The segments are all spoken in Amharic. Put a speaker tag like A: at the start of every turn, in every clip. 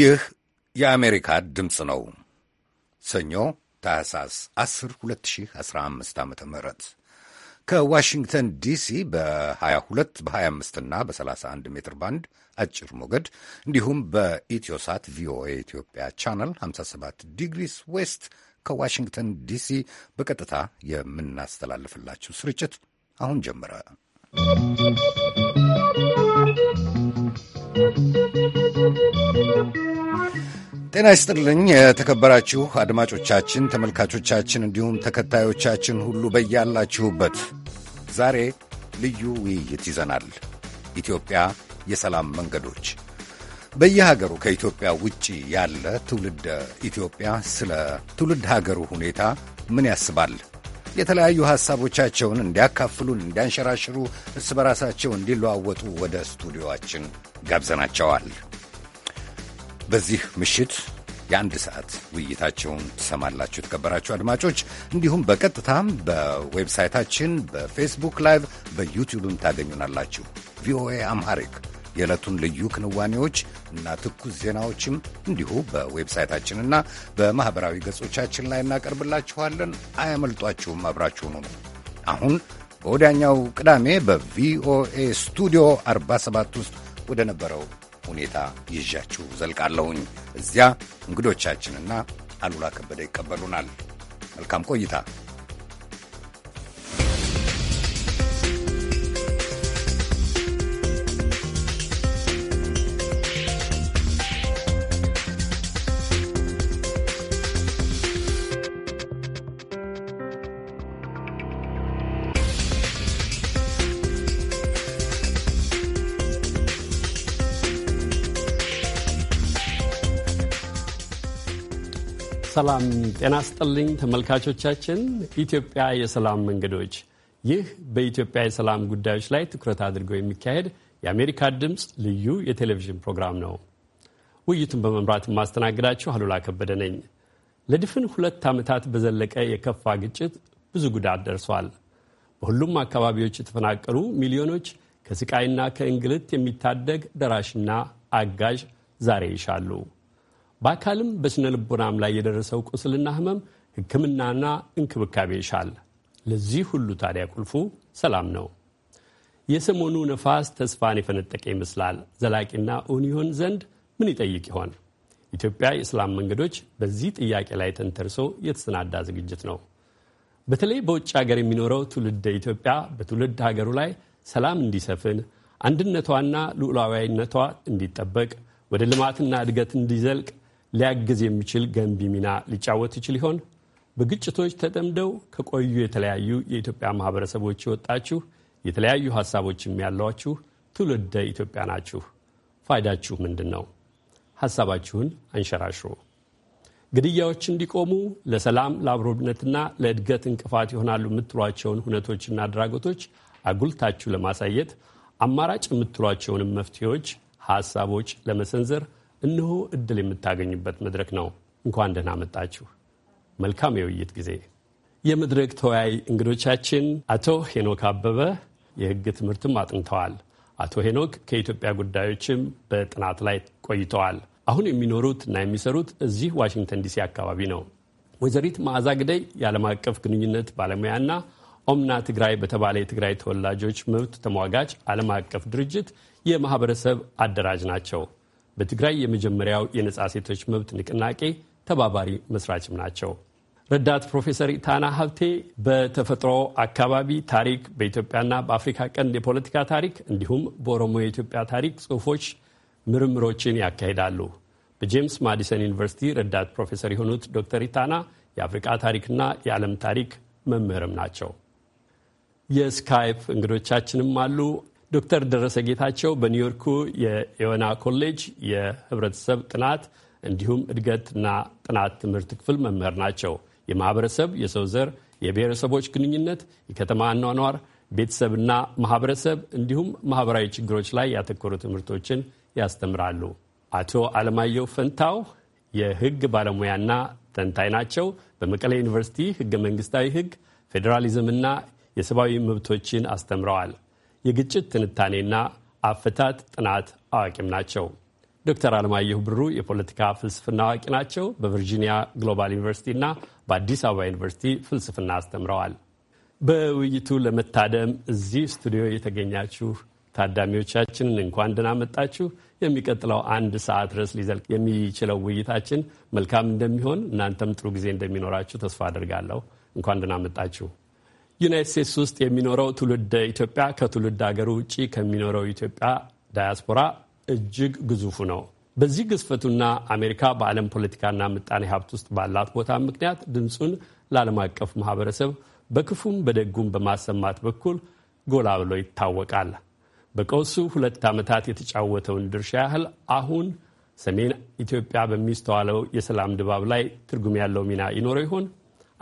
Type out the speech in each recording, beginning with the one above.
A: ይህ የአሜሪካ ድምፅ ነው። ሰኞ ታህሳስ 10 2015 ዓ ም ከዋሽንግተን ዲሲ በ22 በ25ና በ31 ሜትር ባንድ አጭር ሞገድ እንዲሁም በኢትዮሳት ቪኦኤ ኢትዮጵያ ቻናል 57 ዲግሪስ ዌስት ከዋሽንግተን ዲሲ በቀጥታ የምናስተላልፍላችሁ ስርጭት አሁን ጀመረ። ¶¶ ጤና ይስጥልኝ የተከበራችሁ አድማጮቻችን፣ ተመልካቾቻችን እንዲሁም ተከታዮቻችን ሁሉ በያላችሁበት ዛሬ ልዩ ውይይት ይዘናል። ኢትዮጵያ የሰላም መንገዶች በየሀገሩ ከኢትዮጵያ ውጭ ያለ ትውልድ ኢትዮጵያ ስለ ትውልድ ሀገሩ ሁኔታ ምን ያስባል? የተለያዩ ሐሳቦቻቸውን እንዲያካፍሉን፣ እንዲያንሸራሽሩ፣ እርስ በራሳቸው እንዲለዋወጡ ወደ ስቱዲዮአችን ጋብዘናቸዋል። በዚህ ምሽት የአንድ ሰዓት ውይይታቸውን ትሰማላችሁ የተከበራችሁ አድማጮች። እንዲሁም በቀጥታም በዌብሳይታችን በፌስቡክ ላይቭ በዩቲዩብም ታገኙናላችሁ። ቪኦኤ አምሃሪክ የዕለቱን ልዩ ክንዋኔዎች እና ትኩስ ዜናዎችም እንዲሁ በዌብሳይታችንና በማኅበራዊ ገጾቻችን ላይ እናቀርብላችኋለን። አያመልጧችሁም። አብራችሁን ሁኑ። አሁን በወዲያኛው ቅዳሜ በቪኦኤ ስቱዲዮ 47 ውስጥ ወደ ነበረው ሁኔታ ይዣችሁ ዘልቃለሁኝ። እዚያ እንግዶቻችንና አሉላ ከበደ ይቀበሉናል። መልካም ቆይታ።
B: ሰላም ጤና ስጥልኝ ተመልካቾቻችን። ኢትዮጵያ የሰላም መንገዶች፣ ይህ በኢትዮጵያ የሰላም ጉዳዮች ላይ ትኩረት አድርገው የሚካሄድ የአሜሪካ ድምፅ ልዩ የቴሌቪዥን ፕሮግራም ነው። ውይይቱን በመምራት የማስተናግዳችሁ አሉላ ከበደ ነኝ። ለድፍን ሁለት ዓመታት በዘለቀ የከፋ ግጭት ብዙ ጉዳት ደርሷል። በሁሉም አካባቢዎች የተፈናቀሉ ሚሊዮኖች ከስቃይና ከእንግልት የሚታደግ ደራሽና አጋዥ ዛሬ ይሻሉ። በአካልም በስነ ልቦናም ላይ የደረሰው ቁስልና ህመም ሕክምናና እንክብካቤ ይሻል። ለዚህ ሁሉ ታዲያ ቁልፉ ሰላም ነው። የሰሞኑ ነፋስ ተስፋን የፈነጠቀ ይመስላል። ዘላቂና እውን ይሆን ዘንድ ምን ይጠይቅ ይሆን? ኢትዮጵያ የሰላም መንገዶች በዚህ ጥያቄ ላይ ተንተርሶ የተሰናዳ ዝግጅት ነው። በተለይ በውጭ ሀገር የሚኖረው ትውልደ ኢትዮጵያ በትውልድ ሀገሩ ላይ ሰላም እንዲሰፍን፣ አንድነቷና ሉዓላዊነቷ እንዲጠበቅ፣ ወደ ልማትና እድገት እንዲዘልቅ ሊያግዝ የሚችል ገንቢ ሚና ሊጫወት ይችል ይሆን? በግጭቶች ተጠምደው ከቆዩ የተለያዩ የኢትዮጵያ ማህበረሰቦች የወጣችሁ የተለያዩ ሀሳቦችም ያሏችሁ ትውልደ ኢትዮጵያ ናችሁ። ፋይዳችሁ ምንድን ነው? ሀሳባችሁን አንሸራሽሩ። ግድያዎች እንዲቆሙ ለሰላም ለአብሮነትና ለእድገት እንቅፋት ይሆናሉ የምትሏቸውን ሁነቶችና አድራጎቶች አጉልታችሁ ለማሳየት አማራጭ የምትሏቸውንም መፍትሄዎች፣ ሀሳቦች ለመሰንዘር እነሆ እድል የምታገኙበት መድረክ ነው። እንኳን ደህና መጣችሁ። መልካም የውይይት ጊዜ። የመድረክ ተወያይ እንግዶቻችን አቶ ሄኖክ አበበ የህግ ትምህርትም አጥንተዋል። አቶ ሄኖክ ከኢትዮጵያ ጉዳዮችም በጥናት ላይ ቆይተዋል። አሁን የሚኖሩት እና የሚሰሩት እዚህ ዋሽንግተን ዲሲ አካባቢ ነው። ወይዘሪት መዓዛ ግደይ የዓለም አቀፍ ግንኙነት ባለሙያና ኦምና ትግራይ በተባለ የትግራይ ተወላጆች መብት ተሟጋች ዓለም አቀፍ ድርጅት የማህበረሰብ አደራጅ ናቸው። በትግራይ የመጀመሪያው የነጻ ሴቶች መብት ንቅናቄ ተባባሪ መስራችም ናቸው። ረዳት ፕሮፌሰር ኢታና ሀብቴ በተፈጥሮ አካባቢ ታሪክ፣ በኢትዮጵያና በአፍሪካ ቀንድ የፖለቲካ ታሪክ እንዲሁም በኦሮሞ የኢትዮጵያ ታሪክ ጽሁፎች ምርምሮችን ያካሂዳሉ። በጄምስ ማዲሰን ዩኒቨርሲቲ ረዳት ፕሮፌሰር የሆኑት ዶክተር ኢታና የአፍሪቃ ታሪክና የዓለም ታሪክ መምህርም ናቸው። የስካይፕ እንግዶቻችንም አሉ። ዶክተር ደረሰ ጌታቸው በኒውዮርኩ የኤዮና ኮሌጅ የህብረተሰብ ጥናት እንዲሁም እድገትና ጥናት ትምህርት ክፍል መምህር ናቸው። የማህበረሰብ የሰው ዘር፣ የብሔረሰቦች ግንኙነት፣ የከተማ አኗኗር፣ ቤተሰብና ማህበረሰብ እንዲሁም ማህበራዊ ችግሮች ላይ ያተኮሩ ትምህርቶችን ያስተምራሉ። አቶ አለማየሁ ፈንታው የህግ ባለሙያና ተንታኝ ናቸው። በመቀሌ ዩኒቨርሲቲ ህገ መንግስታዊ ህግ፣ ፌዴራሊዝምና የሰብአዊ መብቶችን አስተምረዋል። የግጭት ትንታኔና አፈታት ጥናት አዋቂም ናቸው። ዶክተር አለማየሁ ብሩ የፖለቲካ ፍልስፍና አዋቂ ናቸው። በቨርጂኒያ ግሎባል ዩኒቨርሲቲ እና በአዲስ አበባ ዩኒቨርሲቲ ፍልስፍና አስተምረዋል። በውይይቱ ለመታደም እዚህ ስቱዲዮ የተገኛችሁ ታዳሚዎቻችንን እንኳን ደህና መጣችሁ። የሚቀጥለው አንድ ሰዓት ድረስ ሊዘልቅ የሚችለው ውይይታችን መልካም እንደሚሆን እናንተም ጥሩ ጊዜ እንደሚኖራችሁ ተስፋ አድርጋለሁ። እንኳን ደህና መጣችሁ። ዩናይት ስቴትስ ውስጥ የሚኖረው ትውልደ ኢትዮጵያ ከትውልድ ሀገር ውጭ ከሚኖረው ኢትዮጵያ ዳያስፖራ እጅግ ግዙፉ ነው። በዚህ ግዝፈቱና አሜሪካ በዓለም ፖለቲካና ምጣኔ ሀብት ውስጥ ባላት ቦታ ምክንያት ድምፁን ለዓለም አቀፍ ማህበረሰብ በክፉም በደጉም በማሰማት በኩል ጎላ ብሎ ይታወቃል። በቀውሱ ሁለት ዓመታት የተጫወተውን ድርሻ ያህል አሁን ሰሜን ኢትዮጵያ በሚስተዋለው የሰላም ድባብ ላይ ትርጉም ያለው ሚና ይኖረው ይሆን?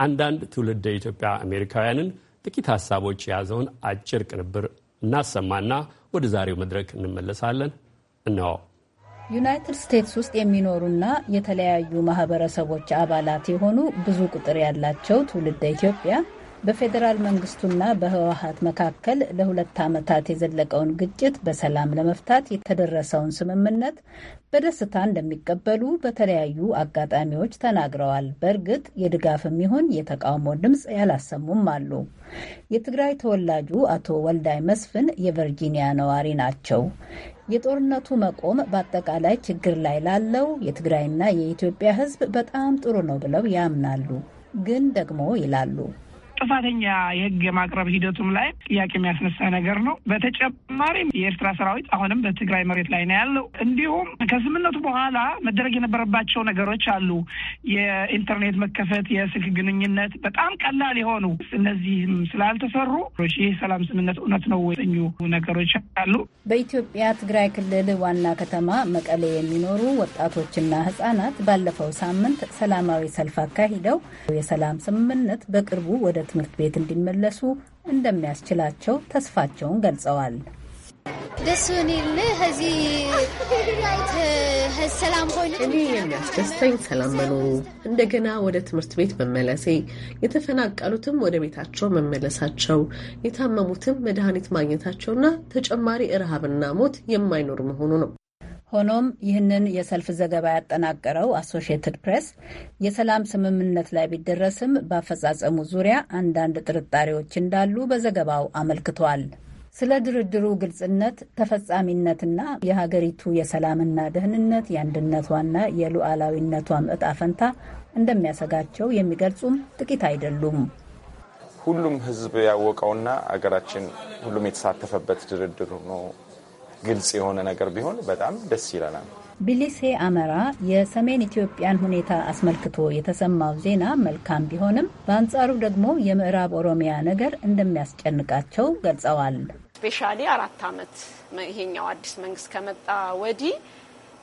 B: አንዳንድ ትውልደ ኢትዮጵያ አሜሪካውያንን ጥቂት ሀሳቦች የያዘውን አጭር ቅንብር እናሰማና ወደ ዛሬው መድረክ እንመለሳለን። እነሆ።
C: ዩናይትድ ስቴትስ ውስጥ የሚኖሩና የተለያዩ ማህበረሰቦች አባላት የሆኑ ብዙ ቁጥር ያላቸው ትውልደ ኢትዮጵያ በፌዴራል መንግስቱና በህወሀት መካከል ለሁለት ዓመታት የዘለቀውን ግጭት በሰላም ለመፍታት የተደረሰውን ስምምነት በደስታ እንደሚቀበሉ በተለያዩ አጋጣሚዎች ተናግረዋል። በእርግጥ የድጋፍም ይሁን የተቃውሞ ድምፅ ያላሰሙም አሉ። የትግራይ ተወላጁ አቶ ወልዳይ መስፍን የቨርጂኒያ ነዋሪ ናቸው። የጦርነቱ መቆም በአጠቃላይ ችግር ላይ ላለው የትግራይና የኢትዮጵያ ህዝብ በጣም ጥሩ ነው ብለው ያምናሉ። ግን ደግሞ ይላሉ
D: ጥፋተኛ የህግ የማቅረብ ሂደቱም ላይ ጥያቄ የሚያስነሳ ነገር ነው። በተጨማሪም የኤርትራ ሰራዊት አሁንም በትግራይ መሬት ላይ ነው ያለው። እንዲሁም ከስምነቱ በኋላ መደረግ የነበረባቸው ነገሮች አሉ። የኢንተርኔት መከፈት፣ የስልክ ግንኙነት በጣም ቀላል የሆኑ እነዚህም ስላልተሰሩ ይህ ሰላም ስምነት እውነት ነው ወይኙ ነገሮች አሉ።
C: በኢትዮጵያ ትግራይ ክልል ዋና ከተማ መቀሌ የሚኖሩ ወጣቶችና ህጻናት ባለፈው ሳምንት ሰላማዊ ሰልፍ አካሂደው የሰላም ስምምነት በቅርቡ ወደ ትምህርት ቤት እንዲመለሱ እንደሚያስችላቸው ተስፋቸውን ገልጸዋል።
E: ደስ ሆኔል ከዚህ ሰላም
F: እኔ የሚያስደስተኝ ሰላም መኖሩ፣ እንደገና ወደ ትምህርት ቤት መመለሴ፣ የተፈናቀሉትም ወደ ቤታቸው መመለሳቸው፣
C: የታመሙትም መድኃኒት ማግኘታቸውና ተጨማሪ ረሃብና ሞት የማይኖር መሆኑ ነው። ሆኖም ይህንን የሰልፍ ዘገባ ያጠናቀረው አሶሽየትድ ፕሬስ የሰላም ስምምነት ላይ ቢደረስም በአፈጻጸሙ ዙሪያ አንዳንድ ጥርጣሬዎች እንዳሉ በዘገባው አመልክቷል። ስለ ድርድሩ ግልጽነት፣ ተፈጻሚነትና የሀገሪቱ የሰላምና ደህንነት የአንድነቷና የሉዓላዊነቷም እጣ ፈንታ እንደሚያሰጋቸው የሚገልጹም ጥቂት አይደሉም።
G: ሁሉም ሕዝብ ያወቀውና
A: አገራችን ሁሉም የተሳተፈበት ድርድር ነው ግልጽ የሆነ ነገር ቢሆን በጣም ደስ ይለናል።
C: ቢሊሴ አመራ የሰሜን ኢትዮጵያን ሁኔታ አስመልክቶ የተሰማው ዜና መልካም ቢሆንም በአንጻሩ ደግሞ የምዕራብ ኦሮሚያ ነገር እንደሚያስጨንቃቸው ገልጸዋል።
F: ስፔሻሊ አራት ዓመት ይሄኛው አዲስ መንግስት ከመጣ ወዲህ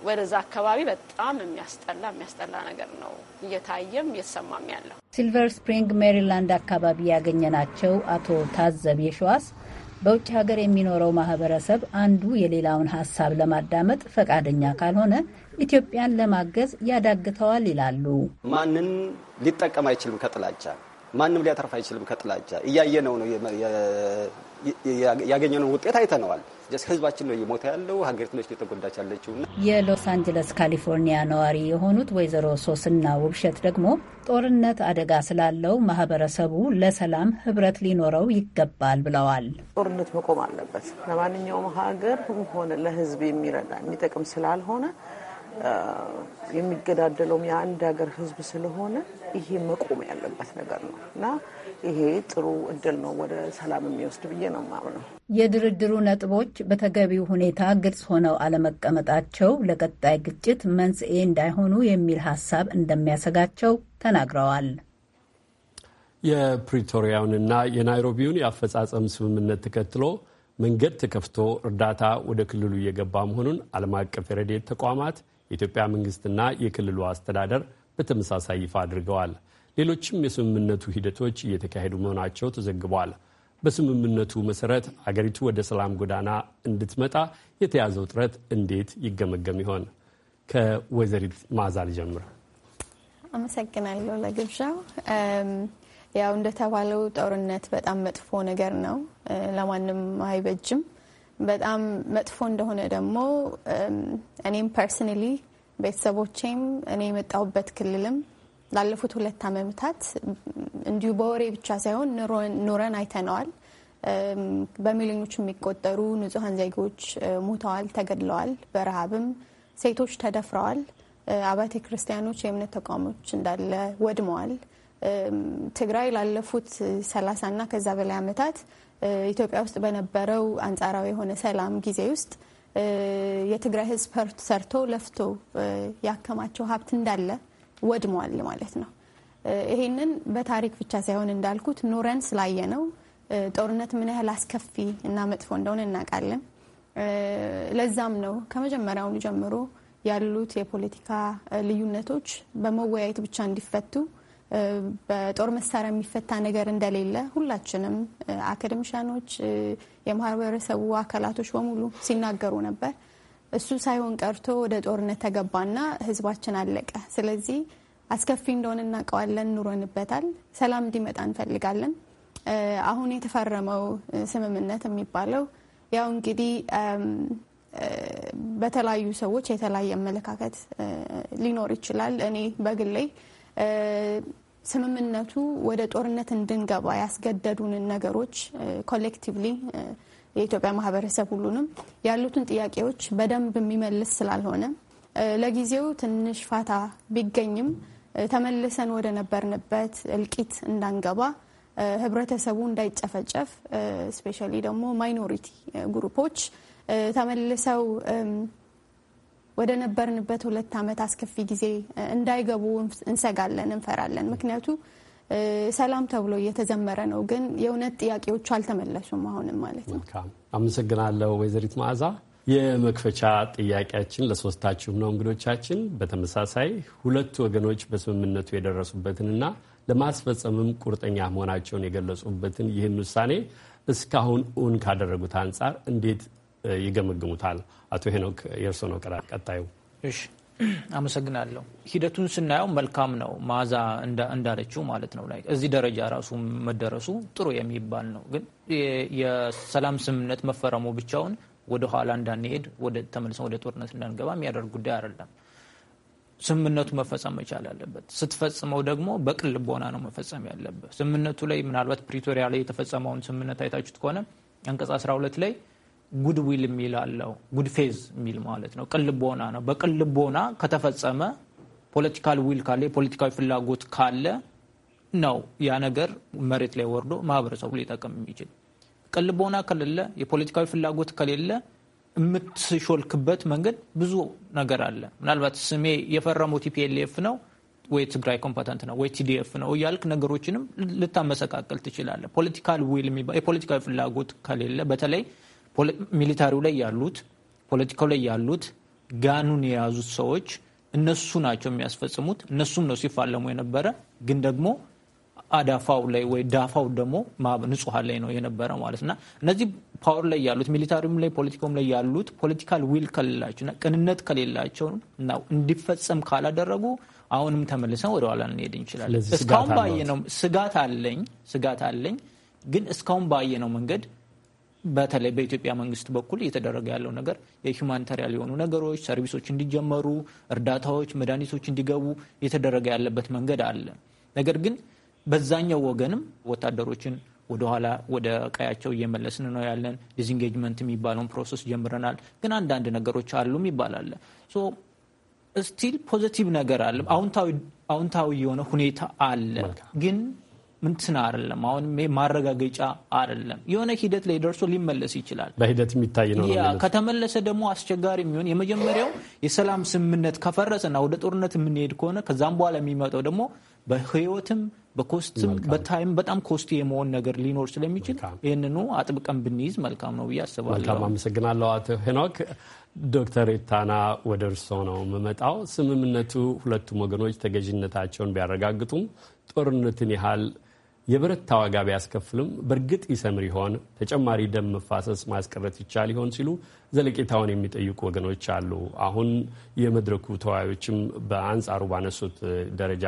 F: ወደዛ አካባቢ በጣም የሚያስጠላ የሚያስጠላ ነገር ነው እየታየም እየተሰማም ያለው።
C: ሲልቨር ስፕሪንግ ሜሪላንድ አካባቢ ያገኘናቸው አቶ ታዘብ የሸዋስ በውጭ ሀገር የሚኖረው ማህበረሰብ አንዱ የሌላውን ሀሳብ ለማዳመጥ ፈቃደኛ ካልሆነ ኢትዮጵያን ለማገዝ ያዳግተዋል ይላሉ።
D: ማንን
H: ሊጠቀም አይችልም ከጥላቻ ማንም ሊያተርፍ አይችልም ከጥላቻ እያየ ነው ነው ያገኘነውን ውጤት አይተነዋል። ህዝባችን ነው እየሞተ ያለው፣ ሀገሪቱ ነች እየተጎዳች ያለችው።
C: የሎስ አንጀለስ ካሊፎርኒያ ነዋሪ የሆኑት ወይዘሮ ሶስና ውብሸት ደግሞ ጦርነት አደጋ ስላለው ማህበረሰቡ ለሰላም ህብረት ሊኖረው ይገባል ብለዋል።
F: ጦርነት መቆም አለበት። ለማንኛውም ሀገር ሆነ ለህዝብ የሚረዳ የሚጠቅም ስላልሆነ የሚገዳደለውም የአንድ ሀገር ህዝብ ስለሆነ ይሄ መቆም ያለበት ነገር ነው እና ይሄ ጥሩ እድል ነው ወደ ሰላም የሚወስድ ብዬ ነው የማምነው።
C: የድርድሩ ነጥቦች በተገቢው ሁኔታ ግልጽ ሆነው አለመቀመጣቸው ለቀጣይ ግጭት መንስኤ እንዳይሆኑ የሚል ሀሳብ እንደሚያሰጋቸው ተናግረዋል።
B: የፕሪቶሪያውንና የናይሮቢውን የአፈጻጸም ስምምነት ተከትሎ መንገድ ተከፍቶ እርዳታ ወደ ክልሉ እየገባ መሆኑን ዓለም አቀፍ የረድኤት ተቋማት የኢትዮጵያ መንግስትና የክልሉ አስተዳደር በተመሳሳይ ይፋ አድርገዋል። ሌሎችም የስምምነቱ ሂደቶች እየተካሄዱ መሆናቸው ተዘግቧል። በስምምነቱ መሰረት አገሪቱ ወደ ሰላም ጎዳና እንድትመጣ የተያዘው ጥረት እንዴት ይገመገም ይሆን? ከወይዘሪት ማዛል ልጀምር።
E: አመሰግናለሁ ለግብዣው። ያው እንደተባለው ጦርነት በጣም መጥፎ ነገር ነው፣ ለማንም አይበጅም። በጣም መጥፎ እንደሆነ ደግሞ እኔም ፐርስናሊ ቤተሰቦቼም እኔ የመጣሁበት ክልልም ላለፉት ሁለት ዓመታት እንዲሁ በወሬ ብቻ ሳይሆን ኑረን አይተነዋል። በሚሊዮኖች የሚቆጠሩ ንጹሐን ዜጎች ሞተዋል፣ ተገድለዋል። በረሃብም ሴቶች ተደፍረዋል። አብያተ ክርስቲያኖች፣ የእምነት ተቋሞች እንዳለ ወድመዋል። ትግራይ ላለፉት ሰላሳና ከዛ በላይ ዓመታት ኢትዮጵያ ውስጥ በነበረው አንጻራዊ የሆነ ሰላም ጊዜ ውስጥ የትግራይ ሕዝብ ሰርቶ ለፍቶ ያከማቸው ሀብት እንዳለ ወድሟል ማለት ነው። ይሄንን በታሪክ ብቻ ሳይሆን እንዳልኩት ኖረን ስላየ ነው። ጦርነት ምን ያህል አስከፊ እና መጥፎ እንደሆነ እናውቃለን። ለዛም ነው ከመጀመሪያውኑ ጀምሮ ያሉት የፖለቲካ ልዩነቶች በመወያየት ብቻ እንዲፈቱ በጦር መሳሪያ የሚፈታ ነገር እንደሌለ ሁላችንም አካደሚሻኖች፣ የማህበረሰቡ አካላቶች በሙሉ ሲናገሩ ነበር። እሱ ሳይሆን ቀርቶ ወደ ጦርነት ተገባና ህዝባችን አለቀ። ስለዚህ አስከፊ እንደሆነ እናውቀዋለን፣ ኑሮንበታል። ሰላም እንዲመጣ እንፈልጋለን። አሁን የተፈረመው ስምምነት የሚባለው ያው እንግዲህ በተለያዩ ሰዎች የተለያየ አመለካከት ሊኖር ይችላል። እኔ በግሌ ስምምነቱ ወደ ጦርነት እንድንገባ ያስገደዱንን ነገሮች ኮሌክቲቭሊ የኢትዮጵያ ማህበረሰብ ሁሉንም ያሉትን ጥያቄዎች በደንብ የሚመልስ ስላልሆነ ለጊዜው ትንሽ ፋታ ቢገኝም ተመልሰን ወደ ነበርንበት እልቂት እንዳንገባ ህብረተሰቡ እንዳይጨፈጨፍ ስፔሻሊ ደግሞ ማይኖሪቲ ግሩፖች ተመልሰው ወደ ነበርንበት ሁለት ዓመት አስከፊ ጊዜ እንዳይገቡ እንሰጋለን፣ እንፈራለን። ምክንያቱ ሰላም ተብሎ እየተዘመረ ነው። ግን የእውነት ጥያቄዎቹ አልተመለሱም አሁንም ማለት ነው።
B: አመሰግናለሁ ወይዘሪት መዓዛ። የመክፈቻ ጥያቄያችን ለሶስታችሁም ነው እንግዶቻችን። በተመሳሳይ ሁለቱ ወገኖች በስምምነቱ የደረሱበትንና ለማስፈጸምም ቁርጠኛ መሆናቸውን የገለጹበትን ይህን ውሳኔ እስካሁን እውን ካደረጉት አንጻር እንዴት ይገመግሙታል? አቶ ሄኖክ የእርሶ ነው ቀጣዩ። እሺ አመሰግናለሁ። ሂደቱን ስናየው መልካም ነው። ማዛ
H: እንዳለችው ማለት ነው ላይ እዚህ ደረጃ ራሱ መደረሱ ጥሩ የሚባል ነው። ግን የሰላም ስምምነት መፈረሙ ብቻውን ወደ ኋላ እንዳንሄድ ወደ ተመልሰን ወደ ጦርነት እንዳንገባ የሚያደርግ ጉዳይ አይደለም። ስምምነቱ መፈጸም መቻል ያለበት ስትፈጽመው ደግሞ በቅን ልቦና ነው መፈጸም ያለበት። ስምምነቱ ላይ ምናልባት ፕሪቶሪያ ላይ የተፈጸመውን ስምምነት አይታችሁት ከሆነ አንቀጽ 12 ላይ ጉድ ዊል የሚል አለው። ጉድ ፌዝ የሚል ማለት ነው። ቅልቦና ነው። በቅልቦና ከተፈጸመ ፖለቲካል ዊል ካለ የፖለቲካዊ ፍላጎት ካለ ነው ያ ነገር መሬት ላይ ወርዶ ማህበረሰቡ ሊጠቅም የሚችል። ቅልቦና ከሌለ፣ የፖለቲካዊ ፍላጎት ከሌለ የምትሾልክበት መንገድ ብዙ ነገር አለ። ምናልባት ስሜ የፈረመው ቲፒኤልኤፍ ነው ወይ ትግራይ ኮምፓተንት ነው ወይ ቲዲኤፍ ነው እያልክ ነገሮችንም ልታመሰቃቀል ትችላለህ። ፖለቲካል ዊል የፖለቲካዊ ፍላጎት ከሌለ በተለይ ሚሊታሪው ላይ ያሉት ፖለቲካው ላይ ያሉት ጋኑን የያዙት ሰዎች እነሱ ናቸው የሚያስፈጽሙት። እነሱም ነው ሲፋለሙ የነበረ ግን ደግሞ አዳፋው ላይ ወይ ዳፋው ደግሞ ንጹሐን ላይ ነው የነበረ ማለት እና እነዚህ ፓወር ላይ ያሉት ሚሊታሪም ላይ ፖለቲካውም ላይ ያሉት ፖለቲካል ዊል ከሌላቸውና ቅንነት ከሌላቸው እና እንዲፈጸም ካላደረጉ አሁንም ተመልሰን ወደ ኋላ እንሄድ እንችላለን። እስካሁን ባየነው ስጋት አለኝ ስጋት አለኝ ግን እስካሁን ባየነው መንገድ በተለይ በኢትዮጵያ መንግስት በኩል እየተደረገ ያለው ነገር የሁማኒታሪያን የሆኑ ነገሮች፣ ሰርቪሶች እንዲጀመሩ፣ እርዳታዎች፣ መድኃኒቶች እንዲገቡ እየተደረገ ያለበት መንገድ አለ። ነገር ግን በዛኛው ወገንም ወታደሮችን ወደኋላ ወደ ቀያቸው እየመለስን ነው ያለን። ዲዝንጌጅመንት የሚባለውን ፕሮሰስ ጀምረናል፣ ግን አንዳንድ ነገሮች አሉም ይባላል። ሶ ስቲል ፖዘቲቭ ነገር አለ፣ አዎንታዊ የሆነ ሁኔታ አለ ግን ምንትን አይደለም። አሁን ማረጋገጫ አይደለም። የሆነ ሂደት ላይ ደርሶ ሊመለስ ይችላል።
B: በሂደት የሚታይ ነው።
H: ከተመለሰ ደግሞ አስቸጋሪ የሚሆን የመጀመሪያው የሰላም ስምምነት ከፈረሰና ወደ ጦርነት የምንሄድ ከሆነ ከዛም በኋላ የሚመጣው ደግሞ በህይወትም በኮስትም በታይም በጣም ኮስት የመሆን ነገር ሊኖር ስለሚችል ይህንኑ አጥብቀን
B: ብንይዝ መልካም ነው ብዬ አስባለሁ። አመሰግናለሁ አቶ ሄኖክ። ዶክተር ኤታና ወደ እርስዎ ነው የምመጣው። ስምምነቱ ሁለቱም ወገኖች ተገዥነታቸውን ቢያረጋግጡም ጦርነትን ያህል የበረታ ዋጋ ቢያስከፍልም በእርግጥ ይሰምር ይሆን? ተጨማሪ ደም መፋሰስ ማስቀረት ይቻል ይሆን? ሲሉ ዘለቄታውን የሚጠይቁ ወገኖች አሉ። አሁን የመድረኩ ተወያዮችም በአንጻሩ ባነሱት ደረጃ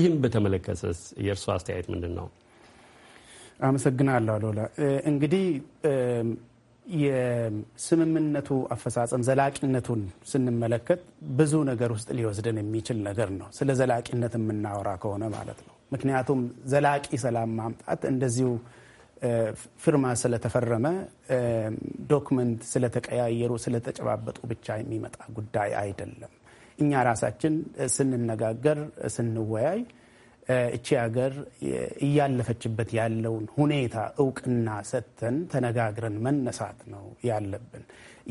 B: ይህም በተመለከተ የእርሱ አስተያየት ምንድን ነው?
I: አመሰግናለሁ አሉላ። እንግዲህ የስምምነቱ አፈጻጸም ዘላቂነቱን ስንመለከት ብዙ ነገር ውስጥ ሊወስደን የሚችል ነገር ነው፣ ስለ ዘላቂነት የምናወራ ከሆነ ማለት ነው። ምክንያቱም ዘላቂ ሰላም ማምጣት እንደዚሁ ፊርማ ስለተፈረመ ዶክመንት ስለተቀያየሩ ስለተጨባበጡ ብቻ የሚመጣ ጉዳይ አይደለም። እኛ ራሳችን ስንነጋገር፣ ስንወያይ እቺ ሀገር እያለፈችበት ያለውን ሁኔታ እውቅና ሰጥተን ተነጋግረን መነሳት ነው ያለብን።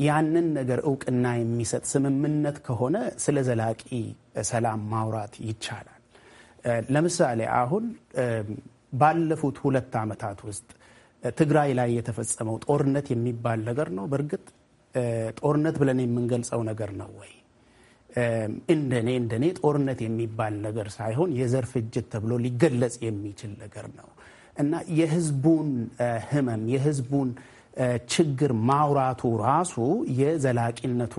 I: ያንን ነገር እውቅና የሚሰጥ ስምምነት ከሆነ ስለ ዘላቂ ሰላም ማውራት ይቻላል። ለምሳሌ አሁን ባለፉት ሁለት ዓመታት ውስጥ ትግራይ ላይ የተፈጸመው ጦርነት የሚባል ነገር ነው። በእርግጥ ጦርነት ብለን የምንገልጸው ነገር ነው ወይ? እንደኔ እንደኔ ጦርነት የሚባል ነገር ሳይሆን የዘር ፍጅት ተብሎ ሊገለጽ የሚችል ነገር ነው እና የህዝቡን ህመም የህዝቡን ችግር ማውራቱ ራሱ የዘላቂነቱ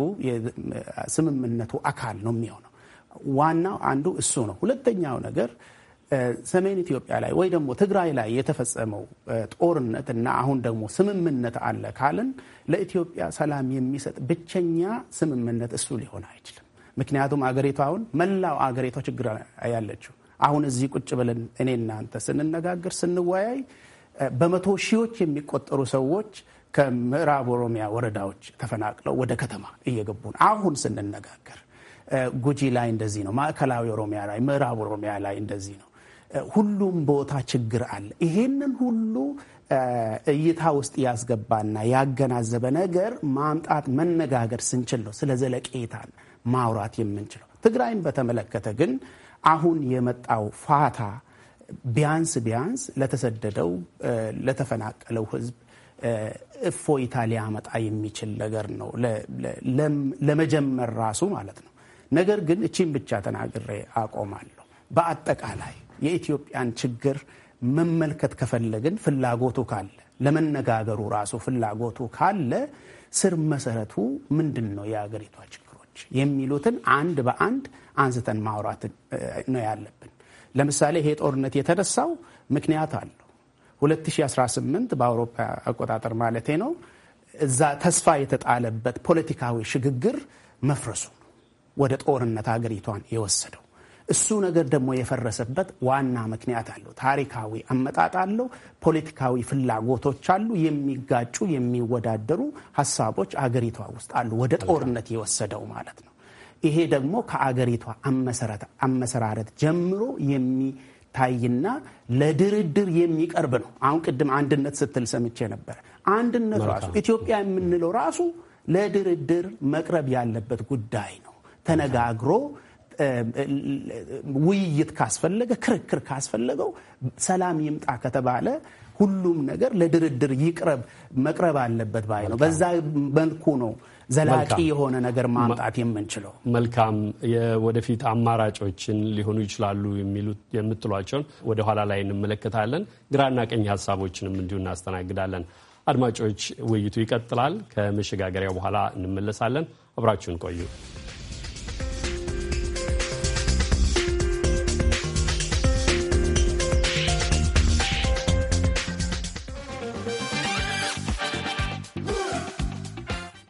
I: ስምምነቱ አካል ነው የሚሆነው። ዋናው አንዱ እሱ ነው። ሁለተኛው ነገር ሰሜን ኢትዮጵያ ላይ ወይ ደግሞ ትግራይ ላይ የተፈጸመው ጦርነት እና አሁን ደግሞ ስምምነት አለ ካልን ለኢትዮጵያ ሰላም የሚሰጥ ብቸኛ ስምምነት እሱ ሊሆን አይችልም። ምክንያቱም አገሪቷ አሁን መላው አገሪቷ ችግር ያለችው አሁን እዚህ ቁጭ ብለን እኔ እናንተ ስንነጋገር ስንወያይ በመቶ ሺዎች የሚቆጠሩ ሰዎች ከምዕራብ ኦሮሚያ ወረዳዎች ተፈናቅለው ወደ ከተማ እየገቡ ነው አሁን ስንነጋገር ጉጂ ላይ እንደዚህ ነው፣ ማዕከላዊ ኦሮሚያ ላይ፣ ምዕራብ ኦሮሚያ ላይ እንደዚህ ነው። ሁሉም ቦታ ችግር አለ። ይሄንን ሁሉ እይታ ውስጥ ያስገባና ያገናዘበ ነገር ማምጣት መነጋገር ስንችል ነው ስለ ዘለቄታን ማውራት የምንችለው። ትግራይን በተመለከተ ግን አሁን የመጣው ፋታ ቢያንስ ቢያንስ ለተሰደደው ለተፈናቀለው ህዝብ እፎይታ ሊያመጣ የሚችል ነገር ነው ለመጀመር ራሱ ማለት ነው። ነገር ግን እቺን ብቻ ተናግሬ አቆማለሁ። በአጠቃላይ የኢትዮጵያን ችግር መመልከት ከፈለግን ፍላጎቱ ካለ ለመነጋገሩ ራሱ ፍላጎቱ ካለ ስር መሰረቱ ምንድን ነው የአገሪቷ ችግሮች የሚሉትን አንድ በአንድ አንስተን ማውራት ነው ያለብን። ለምሳሌ ይሄ ጦርነት የተነሳው ምክንያት አለው። 2018 በአውሮፓ አቆጣጠር ማለቴ ነው። እዛ ተስፋ የተጣለበት ፖለቲካዊ ሽግግር መፍረሱ ወደ ጦርነት አገሪቷን የወሰደው። እሱ ነገር ደግሞ የፈረሰበት ዋና ምክንያት አለው። ታሪካዊ አመጣጥ አለው። ፖለቲካዊ ፍላጎቶች አሉ። የሚጋጩ የሚወዳደሩ ሀሳቦች አገሪቷ ውስጥ አሉ። ወደ ጦርነት የወሰደው ማለት ነው። ይሄ ደግሞ ከአገሪቷ አመሰራረት ጀምሮ የሚታይና ለድርድር የሚቀርብ ነው። አሁን ቅድም አንድነት ስትል ሰምቼ ነበር። አንድነት ራሱ ኢትዮጵያ የምንለው ራሱ ለድርድር መቅረብ ያለበት ጉዳይ ነው። ተነጋግሮ ውይይት ካስፈለገ ክርክር ካስፈለገው ሰላም ይምጣ ከተባለ ሁሉም ነገር ለድርድር ይቅረብ መቅረብ አለበት ባይ ነው። በዛ መልኩ ነው ዘላቂ የሆነ ነገር ማምጣት
B: የምንችለው። መልካም ወደፊት አማራጮችን ሊሆኑ ይችላሉ የምትሏቸውን ወደኋላ ላይ እንመለከታለን። ግራና ቀኝ ሀሳቦችንም እንዲሁ እናስተናግዳለን። አድማጮች፣ ውይይቱ ይቀጥላል። ከመሸጋገሪያ በኋላ እንመለሳለን። አብራችሁን ቆዩ።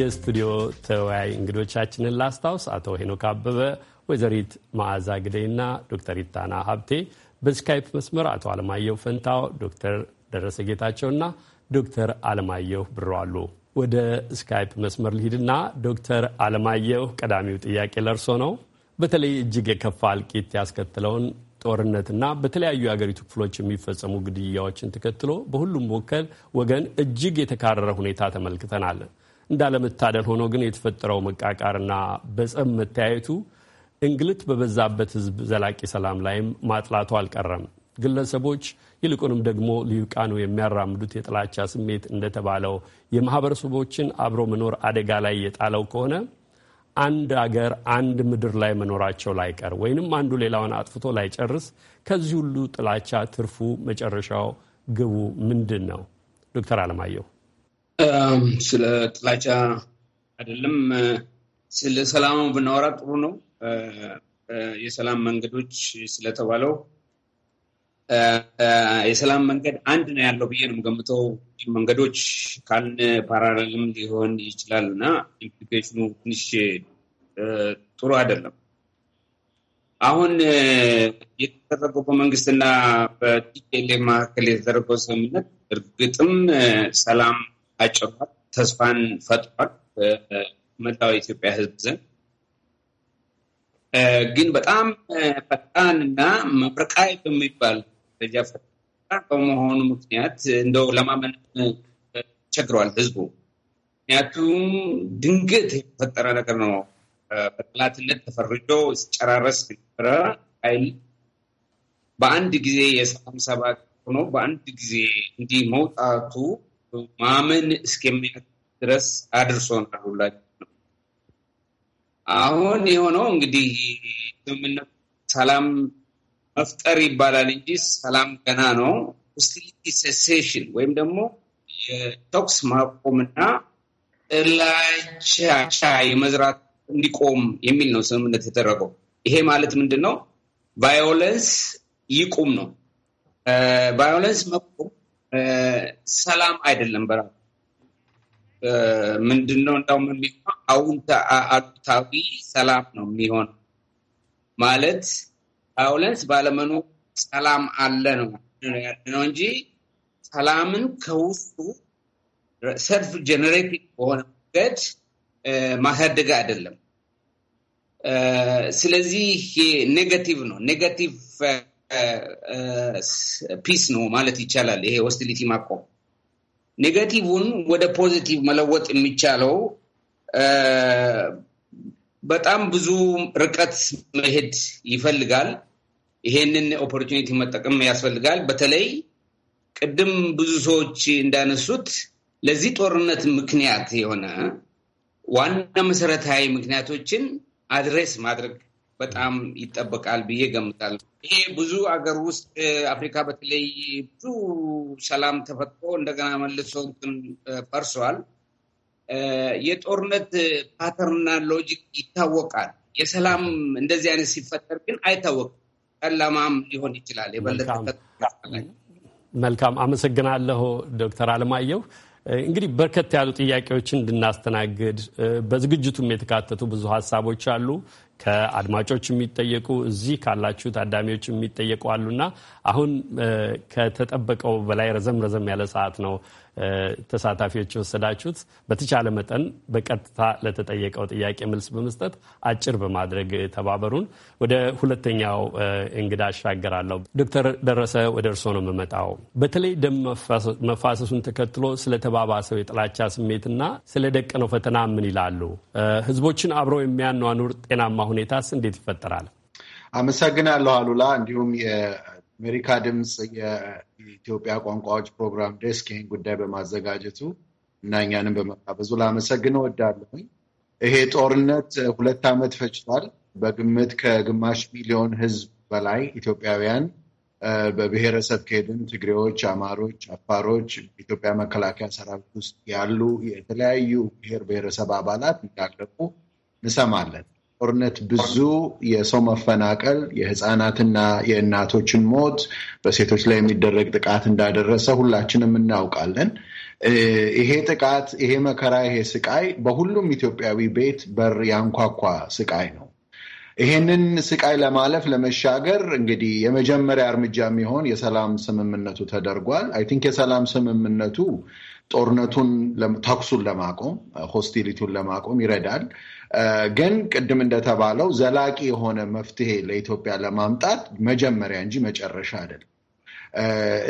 B: የስቱዲዮ ተወያይ እንግዶቻችንን ላስታውስ። አቶ ሄኖክ አበበ፣ ወይዘሪት መዓዛ ግደይና ዶክተር ኢታና ሀብቴ በስካይፕ መስመር አቶ አለማየሁ ፈንታው፣ ዶክተር ደረሰ ጌታቸውና ዶክተር አለማየሁ ብሮ አሉ። ወደ ስካይፕ መስመር ልሂድና ዶክተር አለማየሁ ቀዳሚው ጥያቄ ለርሶ ነው። በተለይ እጅግ የከፋ እልቂት ያስከትለውን ጦርነትና በተለያዩ የአገሪቱ ክፍሎች የሚፈጸሙ ግድያዎችን ተከትሎ በሁሉም ወገን እጅግ የተካረረ ሁኔታ ተመልክተናል። እንዳለመታደል ሆኖ ግን የተፈጠረው መቃቃርና በጸብ መተያየቱ እንግልት በበዛበት ህዝብ ዘላቂ ሰላም ላይም ማጥላቱ አልቀረም። ግለሰቦች ይልቁንም ደግሞ ሊቃኑ የሚያራምዱት የጥላቻ ስሜት እንደተባለው የማህበረሰቦችን አብሮ መኖር አደጋ ላይ የጣለው ከሆነ አንድ አገር አንድ ምድር ላይ መኖራቸው ላይቀር ወይንም አንዱ ሌላውን አጥፍቶ ላይጨርስ ከዚህ ሁሉ ጥላቻ ትርፉ መጨረሻው ግቡ ምንድን ነው? ዶክተር አለማየሁ
D: ስለ ጥላቻ አይደለም ስለ ሰላሙ ብናወራ ጥሩ ነው። የሰላም መንገዶች ስለተባለው የሰላም መንገድ አንድ ነው ያለው ብዬ ነው የምገምተው። መንገዶች ካልን ፓራሌልም ሊሆን ይችላል እና ኢምፕሊኬሽኑ ትንሽ ጥሩ አይደለም። አሁን የተደረገው በመንግስትና በቲፒኤልኤፍ መካከል የተደረገው ስምምነት እርግጥም ሰላም አጭሯል፣ ተስፋን ፈጥሯል መላው የኢትዮጵያ ሕዝብ ዘንድ ግን በጣም ፈጣን እና መብረቃዊ በሚባል ደረጃ ፈጣን በመሆኑ ምክንያት እንደው ለማመን ቸግረዋል ሕዝቡ። ምክንያቱም ድንገት የተፈጠረ ነገር ነው። በጠላትነት ተፈርጆ ሲጨራረስ ነበረ ኃይል በአንድ ጊዜ የሰላም ሰባ ሆኖ በአንድ ጊዜ እንዲህ መውጣቱ ማመን እስከሚያ ድረስ አድርሶናል ሁላችን ነው። አሁን የሆነው እንግዲህ ስምምነት ሰላም መፍጠር ይባላል እንጂ ሰላም ገና ነው። ሆስቲሊቲ ሴሴሽን ወይም ደግሞ የተኩስ ማቆምና ጥላቻ የመዝራት እንዲቆም የሚል ነው ስምምነት የተደረገው። ይሄ ማለት ምንድን ነው? ቫዮለንስ ይቁም ነው። ቫዮለንስ መቆም ሰላም አይደለም። በራ ምንድን ነው እንዳውም የሚሆነው አሉታዊ ሰላም ነው የሚሆነው ማለት ቫዮለንስ ባለመኖ ሰላም አለ ነው ነው እንጂ ሰላምን ከውስጡ ሰልፍ ጀነሬት በሆነ መንገድ ማሳደግ አይደለም። ስለዚህ ኔጋቲቭ ነው ኔጋቲቭ ፒስ ነው ማለት ይቻላል። ይሄ ሆስቲሊቲ ማቆም ኔጋቲቭን ወደ ፖዚቲቭ መለወጥ የሚቻለው በጣም ብዙ ርቀት መሄድ ይፈልጋል። ይሄንን ኦፖርቹኒቲ መጠቀም ያስፈልጋል። በተለይ ቅድም ብዙ ሰዎች እንዳነሱት ለዚህ ጦርነት ምክንያት የሆነ ዋና መሰረታዊ ምክንያቶችን አድሬስ ማድረግ በጣም ይጠበቃል ብዬ ገምታል። ይሄ ብዙ አገር ውስጥ አፍሪካ በተለይ ብዙ ሰላም ተፈጥሮ እንደገና መልሶ እንትን ፈርሷል። የጦርነት ፓተርንና ሎጂክ ይታወቃል። የሰላም እንደዚህ አይነት ሲፈጠር ግን አይታወቅም። ጨለማም ሊሆን ይችላል። የበለጠ
B: መልካም አመሰግናለሁ ዶክተር አለማየሁ። እንግዲህ በርከት ያሉ ጥያቄዎችን እንድናስተናግድ በዝግጅቱም የተካተቱ ብዙ ሀሳቦች አሉ። ከአድማጮች የሚጠየቁ እዚህ ካላችሁ ታዳሚዎች የሚጠየቁ አሉና አሁን ከተጠበቀው በላይ ረዘም ረዘም ያለ ሰዓት ነው ተሳታፊዎች የወሰዳችሁት በተቻለ መጠን በቀጥታ ለተጠየቀው ጥያቄ መልስ በመስጠት አጭር በማድረግ ተባበሩን። ወደ ሁለተኛው እንግዳ አሻገራለሁ። ዶክተር ደረሰ ወደ እርስዎ ነው የምመጣው። በተለይ ደም መፋሰሱን ተከትሎ ስለ ተባባሰው የጥላቻ ስሜትና ስለ ደቀነው ፈተና ምን ይላሉ? ህዝቦችን አብረው የሚያኗኑር ጤናማ ሁኔታስ እንዴት ይፈጠራል?
J: አመሰግናለሁ አሉላ። እንዲሁም የአሜሪካ ድምፅ የኢትዮጵያ ቋንቋዎች ፕሮግራም ዴስክ ይህን ጉዳይ በማዘጋጀቱ እና እኛንም በመጋበዙ ላመሰግን ይሄ ጦርነት ሁለት ዓመት ፈጅቷል። በግምት ከግማሽ ሚሊዮን ሕዝብ በላይ ኢትዮጵያውያን በብሔረሰብ ከሄድን ትግሬዎች፣ አማሮች፣ አፋሮች ኢትዮጵያ መከላከያ ሰራዊት ውስጥ ያሉ የተለያዩ ብሔር ብሔረሰብ አባላት እንዳለቁ እንሰማለን። ጦርነት ብዙ የሰው መፈናቀል፣ የህፃናትና የእናቶችን ሞት፣ በሴቶች ላይ የሚደረግ ጥቃት እንዳደረሰ ሁላችንም እናውቃለን። ይሄ ጥቃት፣ ይሄ መከራ፣ ይሄ ስቃይ በሁሉም ኢትዮጵያዊ ቤት በር ያንኳኳ ስቃይ ነው። ይሄንን ስቃይ ለማለፍ ለመሻገር እንግዲህ የመጀመሪያ እርምጃ የሚሆን የሰላም ስምምነቱ ተደርጓል። አይ ቲንክ የሰላም ስምምነቱ ጦርነቱን፣ ተኩሱን ለማቆም ሆስቲሊቲውን ለማቆም ይረዳል። ግን ቅድም እንደተባለው ዘላቂ የሆነ መፍትሄ ለኢትዮጵያ ለማምጣት መጀመሪያ እንጂ መጨረሻ አይደለም።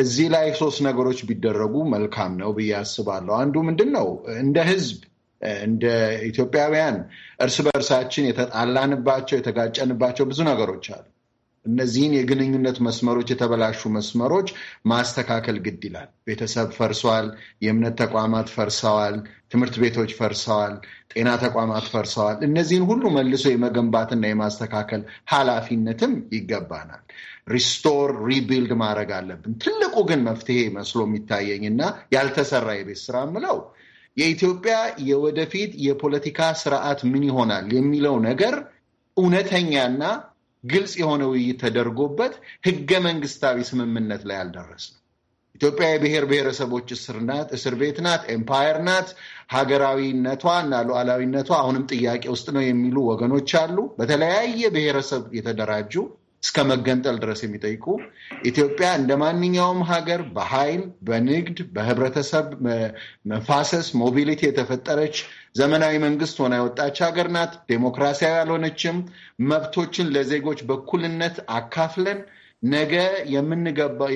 J: እዚህ ላይ ሶስት ነገሮች ቢደረጉ መልካም ነው ብዬ አስባለሁ። አንዱ ምንድን ነው እንደ ህዝብ እንደ ኢትዮጵያውያን እርስ በእርሳችን የተጣላንባቸው የተጋጨንባቸው ብዙ ነገሮች አሉ። እነዚህን የግንኙነት መስመሮች የተበላሹ መስመሮች ማስተካከል ግድ ይላል። ቤተሰብ ፈርሷል፣ የእምነት ተቋማት ፈርሰዋል፣ ትምህርት ቤቶች ፈርሰዋል፣ ጤና ተቋማት ፈርሰዋል። እነዚህን ሁሉ መልሶ የመገንባትና የማስተካከል ኃላፊነትም ይገባናል። ሪስቶር ሪቢልድ ማድረግ አለብን። ትልቁ ግን መፍትሄ መስሎ እና ያልተሰራ የቤት ስራ ምለው የኢትዮጵያ የወደፊት የፖለቲካ ስርዓት ምን ይሆናል የሚለው ነገር እውነተኛና ግልጽ የሆነ ውይይት ተደርጎበት ህገ መንግስታዊ ስምምነት ላይ አልደረስንም። ኢትዮጵያ የብሔር ብሔረሰቦች እስር ቤት ናት፣ ኤምፓየር ናት። ሀገራዊነቷ እና ሉዓላዊነቷ አሁንም ጥያቄ ውስጥ ነው የሚሉ ወገኖች አሉ። በተለያየ ብሔረሰብ የተደራጁ እስከ መገንጠል ድረስ የሚጠይቁ ኢትዮጵያ እንደ ማንኛውም ሀገር በኃይል በንግድ፣ በህብረተሰብ መፋሰስ ሞቢሊቲ የተፈጠረች ዘመናዊ መንግስት ሆና የወጣች ሀገር ናት። ዴሞክራሲያዊ አልሆነችም። መብቶችን ለዜጎች በኩልነት አካፍለን ነገ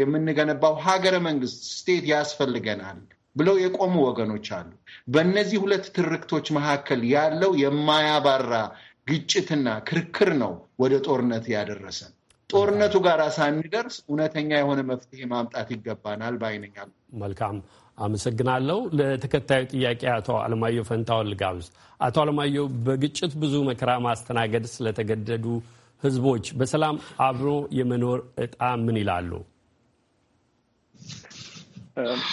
J: የምንገነባው ሀገረ መንግስት ስቴት ያስፈልገናል ብለው የቆሙ ወገኖች አሉ። በእነዚህ ሁለት ትርክቶች መካከል ያለው የማያባራ ግጭትና ክርክር ነው ወደ ጦርነት ያደረሰን። ጦርነቱ ጋር ሳንደርስ እውነተኛ የሆነ መፍትሄ ማምጣት ይገባናል ባይነኛል።
B: መልካም አመሰግናለሁ። ለተከታዩ ጥያቄ አቶ አለማየሁ ፈንታውን ልጋብዝ። አቶ አለማየሁ በግጭት ብዙ መከራ ማስተናገድ ስለተገደዱ ህዝቦች በሰላም አብሮ የመኖር እጣ ምን ይላሉ?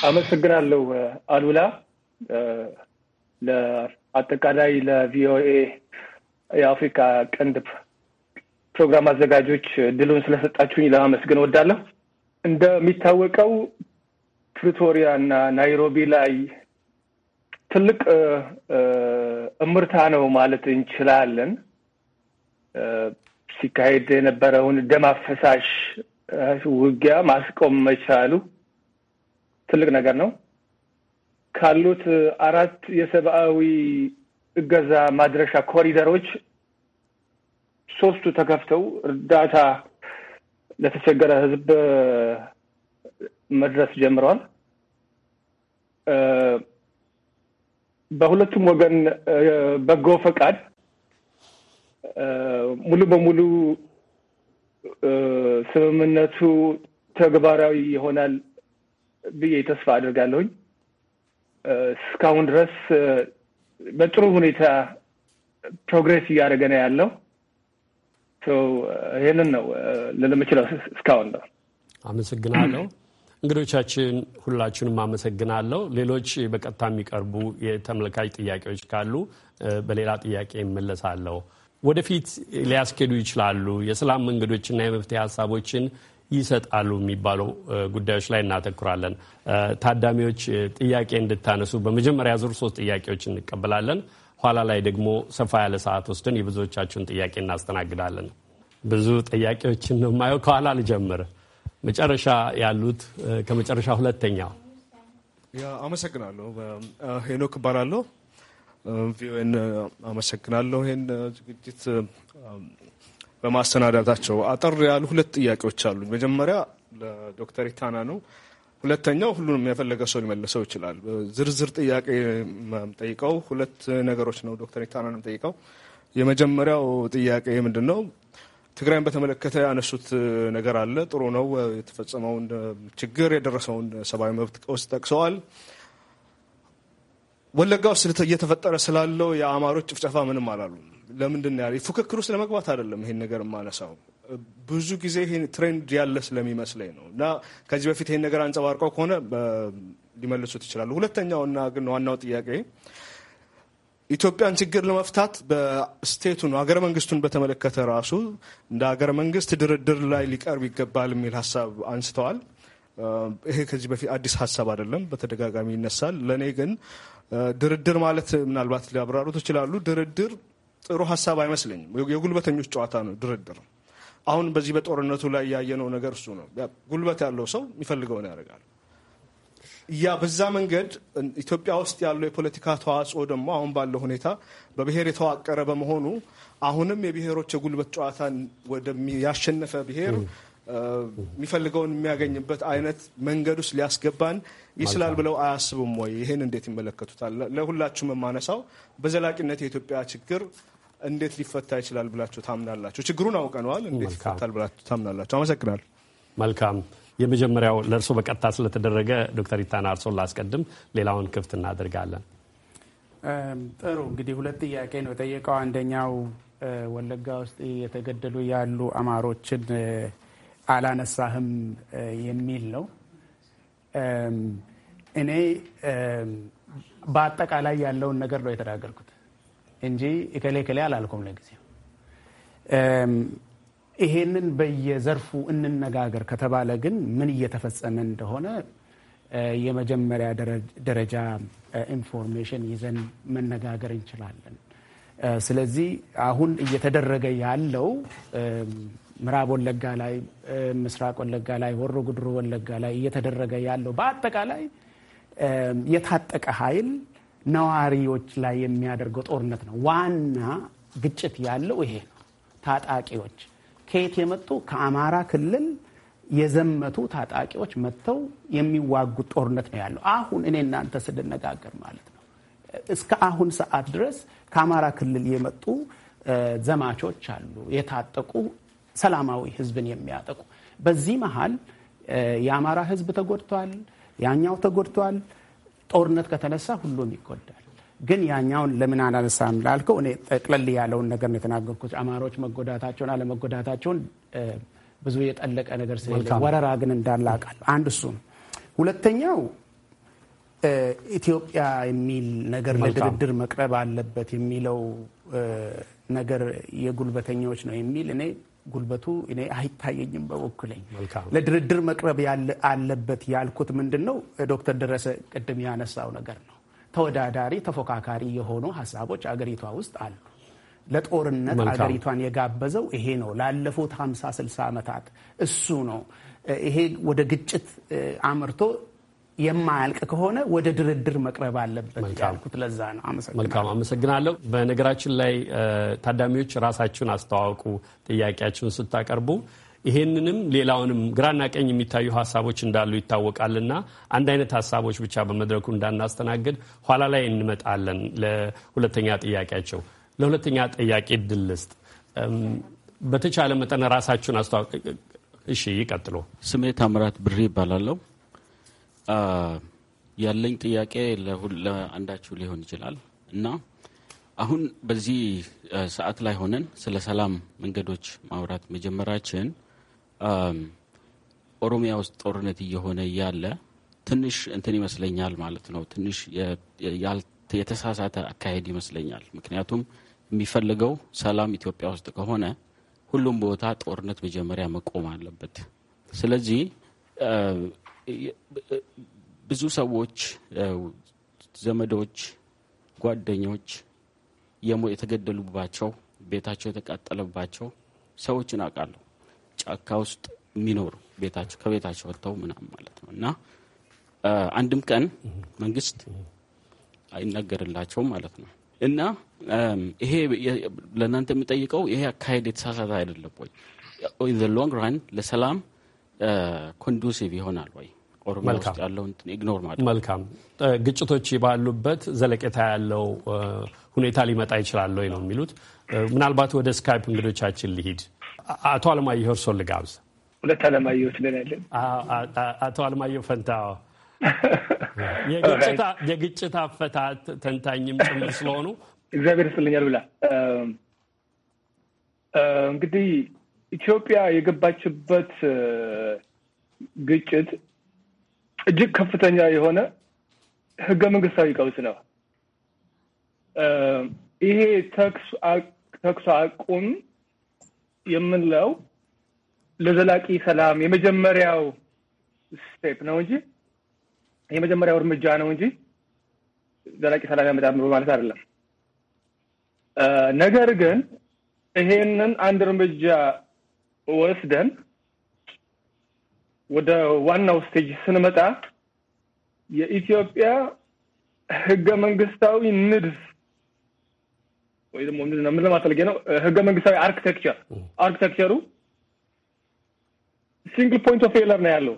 K: አመሰግናለሁ አሉላ። አጠቃላይ ለቪኦኤ የአፍሪካ ቀንድ ፕሮግራም አዘጋጆች እድሉን ስለሰጣችሁኝ ለማመስገን እወዳለሁ። እንደሚታወቀው ፕሪቶሪያ እና ናይሮቢ ላይ ትልቅ እምርታ ነው ማለት እንችላለን። ሲካሄድ የነበረውን ደም አፈሳሽ ውጊያ ማስቆም መቻሉ ትልቅ ነገር ነው። ካሉት አራት የሰብአዊ እገዛ ማድረሻ ኮሪደሮች ሶስቱ ተከፍተው እርዳታ ለተቸገረ ሕዝብ መድረስ ጀምረዋል። በሁለቱም ወገን በጎ ፈቃድ ሙሉ በሙሉ ስምምነቱ ተግባራዊ ይሆናል ብዬ ተስፋ አድርጋለሁኝ። እስካሁን ድረስ በጥሩ ሁኔታ ፕሮግሬስ እያደረገ ነው ያለው። ይህንን ነው ልል እስካሁን ነው።
B: አመሰግናለሁ። እንግዶቻችን ሁላችሁንም አመሰግናለሁ። ሌሎች በቀጥታ የሚቀርቡ የተመልካች ጥያቄዎች ካሉ በሌላ ጥያቄ እመለሳለሁ። ወደፊት ሊያስኬዱ ይችላሉ የሰላም መንገዶችና የመፍትሄ ሀሳቦችን ይሰጣሉ የሚባሉ ጉዳዮች ላይ እናተኩራለን። ታዳሚዎች ጥያቄ እንድታነሱ በመጀመሪያ ዙር ሶስት ጥያቄዎች እንቀበላለን። ኋላ ላይ ደግሞ ሰፋ ያለ ሰዓት ወስደን የብዙዎቻችሁን ጥያቄ እናስተናግዳለን። ብዙ ጥያቄዎችን ነው የማየው። ከኋላ ልጀምር። መጨረሻ ያሉት ከመጨረሻ ሁለተኛው
L: አመሰግናለሁ። ሄኖክ እባላለሁ። ቪኦኤን አመሰግናለሁ ይህን ዝግጅት በማሰናዳታቸው። አጠር ያሉ ሁለት ጥያቄዎች አሉ። መጀመሪያ ለዶክተር ኢታና ነው። ሁለተኛው ሁሉንም የፈለገ ሰው ሊመልሰው ይችላል። ዝርዝር ጥያቄ ጠይቀው ሁለት ነገሮች ነው ዶክተር ኢታናን ጠይቀው። የመጀመሪያው ጥያቄ ምንድን ነው? ትግራይን በተመለከተ ያነሱት ነገር አለ። ጥሩ ነው። የተፈጸመውን ችግር የደረሰውን ሰብአዊ መብት ቀውስ ጠቅሰዋል። ወለጋ ውስጥ እየተፈጠረ ስላለው የአማሮች ጭፍጨፋ ምንም አላሉ። ለምንድን ያ ፉክክር ውስጥ ለመግባት አይደለም ይሄን ነገር የማነሳው ብዙ ጊዜ ይሄን ትሬንድ ያለ ስለሚመስለኝ ነው። እና ከዚህ በፊት ይሄን ነገር አንጸባርቀው ከሆነ ሊመልሱት ይችላሉ። ሁለተኛውና ግን ዋናው ጥያቄ ኢትዮጵያን ችግር ለመፍታት በስቴቱን ሀገረ መንግስቱን በተመለከተ ራሱ እንደ ሀገረ መንግስት ድርድር ላይ ሊቀርብ ይገባል የሚል ሀሳብ አንስተዋል። ይሄ ከዚህ በፊት አዲስ ሀሳብ አይደለም፣ በተደጋጋሚ ይነሳል። ለእኔ ግን ድርድር ማለት ምናልባት ሊያብራሩት ይችላሉ። ድርድር ጥሩ ሀሳብ አይመስለኝም። የጉልበተኞች ጨዋታ ነው ድርድር። አሁን በዚህ በጦርነቱ ላይ ያየነው ነገር እሱ ነው። ጉልበት ያለው ሰው የሚፈልገውን ያደርጋል። ያ በዛ መንገድ ኢትዮጵያ ውስጥ ያለው የፖለቲካ ተዋጽኦ ደግሞ አሁን ባለው ሁኔታ በብሔር የተዋቀረ በመሆኑ አሁንም የብሔሮች የጉልበት ጨዋታን ወደሚያሸነፈ ብሔር የሚፈልገውን የሚያገኝበት አይነት መንገድ ውስጥ ሊያስገባን ይችላል ብለው አያስቡም ወይ? ይህን እንዴት ይመለከቱታል? ለሁላችሁም የማነሳው በዘላቂነት የኢትዮጵያ ችግር እንዴት ሊፈታ ይችላል ብላችሁ ታምናላችሁ? ችግሩን አውቀነዋል። እንዴት ይፈታል ብላችሁ
B: ታምናላችሁ? አመሰግናለሁ። መልካም የመጀመሪያው ለእርሶ በቀጥታ ስለተደረገ ዶክተር ኢታና እርሶን ላስቀድም፣ ሌላውን ክፍት እናደርጋለን።
I: ጥሩ እንግዲህ ሁለት ጥያቄ ነው የጠየቀው። አንደኛው ወለጋ ውስጥ የተገደሉ ያሉ አማሮችን አላነሳህም የሚል ነው። እኔ በአጠቃላይ ያለውን ነገር ነው የተናገርኩት እንጂ እከሌ እከሌ አላልኩም ለጊዜው ይሄንን በየዘርፉ እንነጋገር ከተባለ ግን ምን እየተፈጸመ እንደሆነ የመጀመሪያ ደረጃ ኢንፎርሜሽን ይዘን መነጋገር እንችላለን። ስለዚህ አሁን እየተደረገ ያለው ምዕራብ ወለጋ ላይ፣ ምስራቅ ወለጋ ላይ፣ ሆሮ ጉድሩ ወለጋ ላይ እየተደረገ ያለው በአጠቃላይ የታጠቀ ኃይል ነዋሪዎች ላይ የሚያደርገው ጦርነት ነው። ዋና ግጭት ያለው ይሄ ነው። ታጣቂዎች ከየት የመጡ ከአማራ ክልል የዘመቱ ታጣቂዎች መጥተው የሚዋጉት ጦርነት ነው ያለው። አሁን እኔ እናንተ ስንነጋገር ማለት ነው እስከ አሁን ሰዓት ድረስ ከአማራ ክልል የመጡ ዘማቾች አሉ፣ የታጠቁ ሰላማዊ ህዝብን የሚያጠቁ። በዚህ መሀል የአማራ ህዝብ ተጎድቷል፣ ያኛው ተጎድቷል። ጦርነት ከተነሳ ሁሉም ይጎዳል። ግን ያኛውን ለምን አላነሳም ላልከው እኔ ጠቅለል ያለውን ነገር ነው የተናገርኩት። አማሮች መጎዳታቸውን አለመጎዳታቸውን ብዙ የጠለቀ ነገር ስለሌለ ወረራ ግን እንዳላቃል አንድ እሱ ነው። ሁለተኛው ኢትዮጵያ የሚል ነገር ለድርድር መቅረብ አለበት የሚለው ነገር የጉልበተኛዎች ነው የሚል እኔ ጉልበቱ እኔ አይታየኝም በበኩለኝ። ለድርድር መቅረብ አለበት ያልኩት ምንድን ነው ዶክተር ደረሰ ቅድም ያነሳው ነገር ነው ተወዳዳሪ ተፎካካሪ የሆኑ ሀሳቦች አገሪቷ ውስጥ አሉ። ለጦርነት አገሪቷን የጋበዘው ይሄ ነው። ላለፉት 50 60 ዓመታት እሱ ነው። ይሄ ወደ ግጭት አምርቶ የማያልቅ ከሆነ ወደ ድርድር መቅረብ አለበት ያልኩት
B: ለዛ ነው። መልካም አመሰግናለሁ። በነገራችን ላይ ታዳሚዎች ራሳችሁን አስተዋውቁ ጥያቄያችሁን ስታቀርቡ ይሄንንም ሌላውንም ግራና ቀኝ የሚታዩ ሀሳቦች እንዳሉ ይታወቃልና አንድ አይነት ሀሳቦች ብቻ በመድረኩ እንዳናስተናግድ ኋላ ላይ እንመጣለን። ለሁለተኛ ጥያቄያቸው ለሁለተኛ ጥያቄ ድል ልስጥ። በተቻለ መጠን ራሳችሁን አስተዋወቅ። እሺ ይቀጥሉ።
G: ስሜ ታምራት ብሬ ይባላለሁ። ያለኝ ጥያቄ ለአንዳችሁ ሊሆን ይችላል እና አሁን በዚህ ሰዓት ላይ ሆነን ስለ ሰላም መንገዶች ማውራት መጀመራችን ኦሮሚያ ውስጥ ጦርነት እየሆነ እያለ ትንሽ እንትን ይመስለኛል ማለት ነው። ትንሽ የተሳሳተ አካሄድ ይመስለኛል። ምክንያቱም የሚፈልገው ሰላም ኢትዮጵያ ውስጥ ከሆነ ሁሉም ቦታ ጦርነት መጀመሪያ መቆም አለበት። ስለዚህ ብዙ ሰዎች፣ ዘመዶች፣ ጓደኞች የተገደሉባቸው ቤታቸው የተቃጠለባቸው ሰዎችን አውቃለሁ። ጫካ ውስጥ የሚኖሩ ቤታቸው ከቤታቸው ወጥተው ምናምን ማለት ነው እና አንድም ቀን መንግስት አይናገርላቸውም ማለት ነው እና ይሄ ለእናንተ የምጠይቀው ይሄ አካሄድ የተሳሳተ አይደለም ወይ? ኢን ዘ ሎንግ ራን ለሰላም ኮንዱሲቭ ይሆናል ወይ? ኦሮሚያ ውስጥ ኢግኖር ማለት
B: መልካም ግጭቶች ባሉበት ዘለቄታ ያለው ሁኔታ ሊመጣ ይችላል ወይ ነው የሚሉት። ምናልባት ወደ ስካይፕ እንግዶቻችን ሊሂድ አቶ አለማየሁ እርሶን ልጋብዝ። ሁለት አለማየሁ ትለናለን። አቶ አለማየሁ ፈንታ የግጭት አፈታት ተንታኝም ጭምር ስለሆኑ እግዚአብሔር ይስጥልኛል ብላ
K: እንግዲህ ኢትዮጵያ የገባችበት ግጭት እጅግ ከፍተኛ የሆነ ህገ መንግስታዊ ቀውስ ነው። ይሄ ተኩስ አቁም የምንለው ለዘላቂ ሰላም የመጀመሪያው ስቴፕ ነው እንጂ የመጀመሪያው እርምጃ ነው እንጂ ዘላቂ ሰላም ያመጣል በማለት አይደለም። ነገር ግን ይሄንን አንድ እርምጃ ወስደን ወደ ዋናው ስቴጅ ስንመጣ የኢትዮጵያ ህገ መንግስታዊ ንድፍ ወይ ደግሞ ምን ለማስለጌ ነው ህገ መንግስታዊ አርክቴክቸር አርክቴክቸሩ ሲንግል ፖይንት ኦፍ ፌለር ነው ያለው።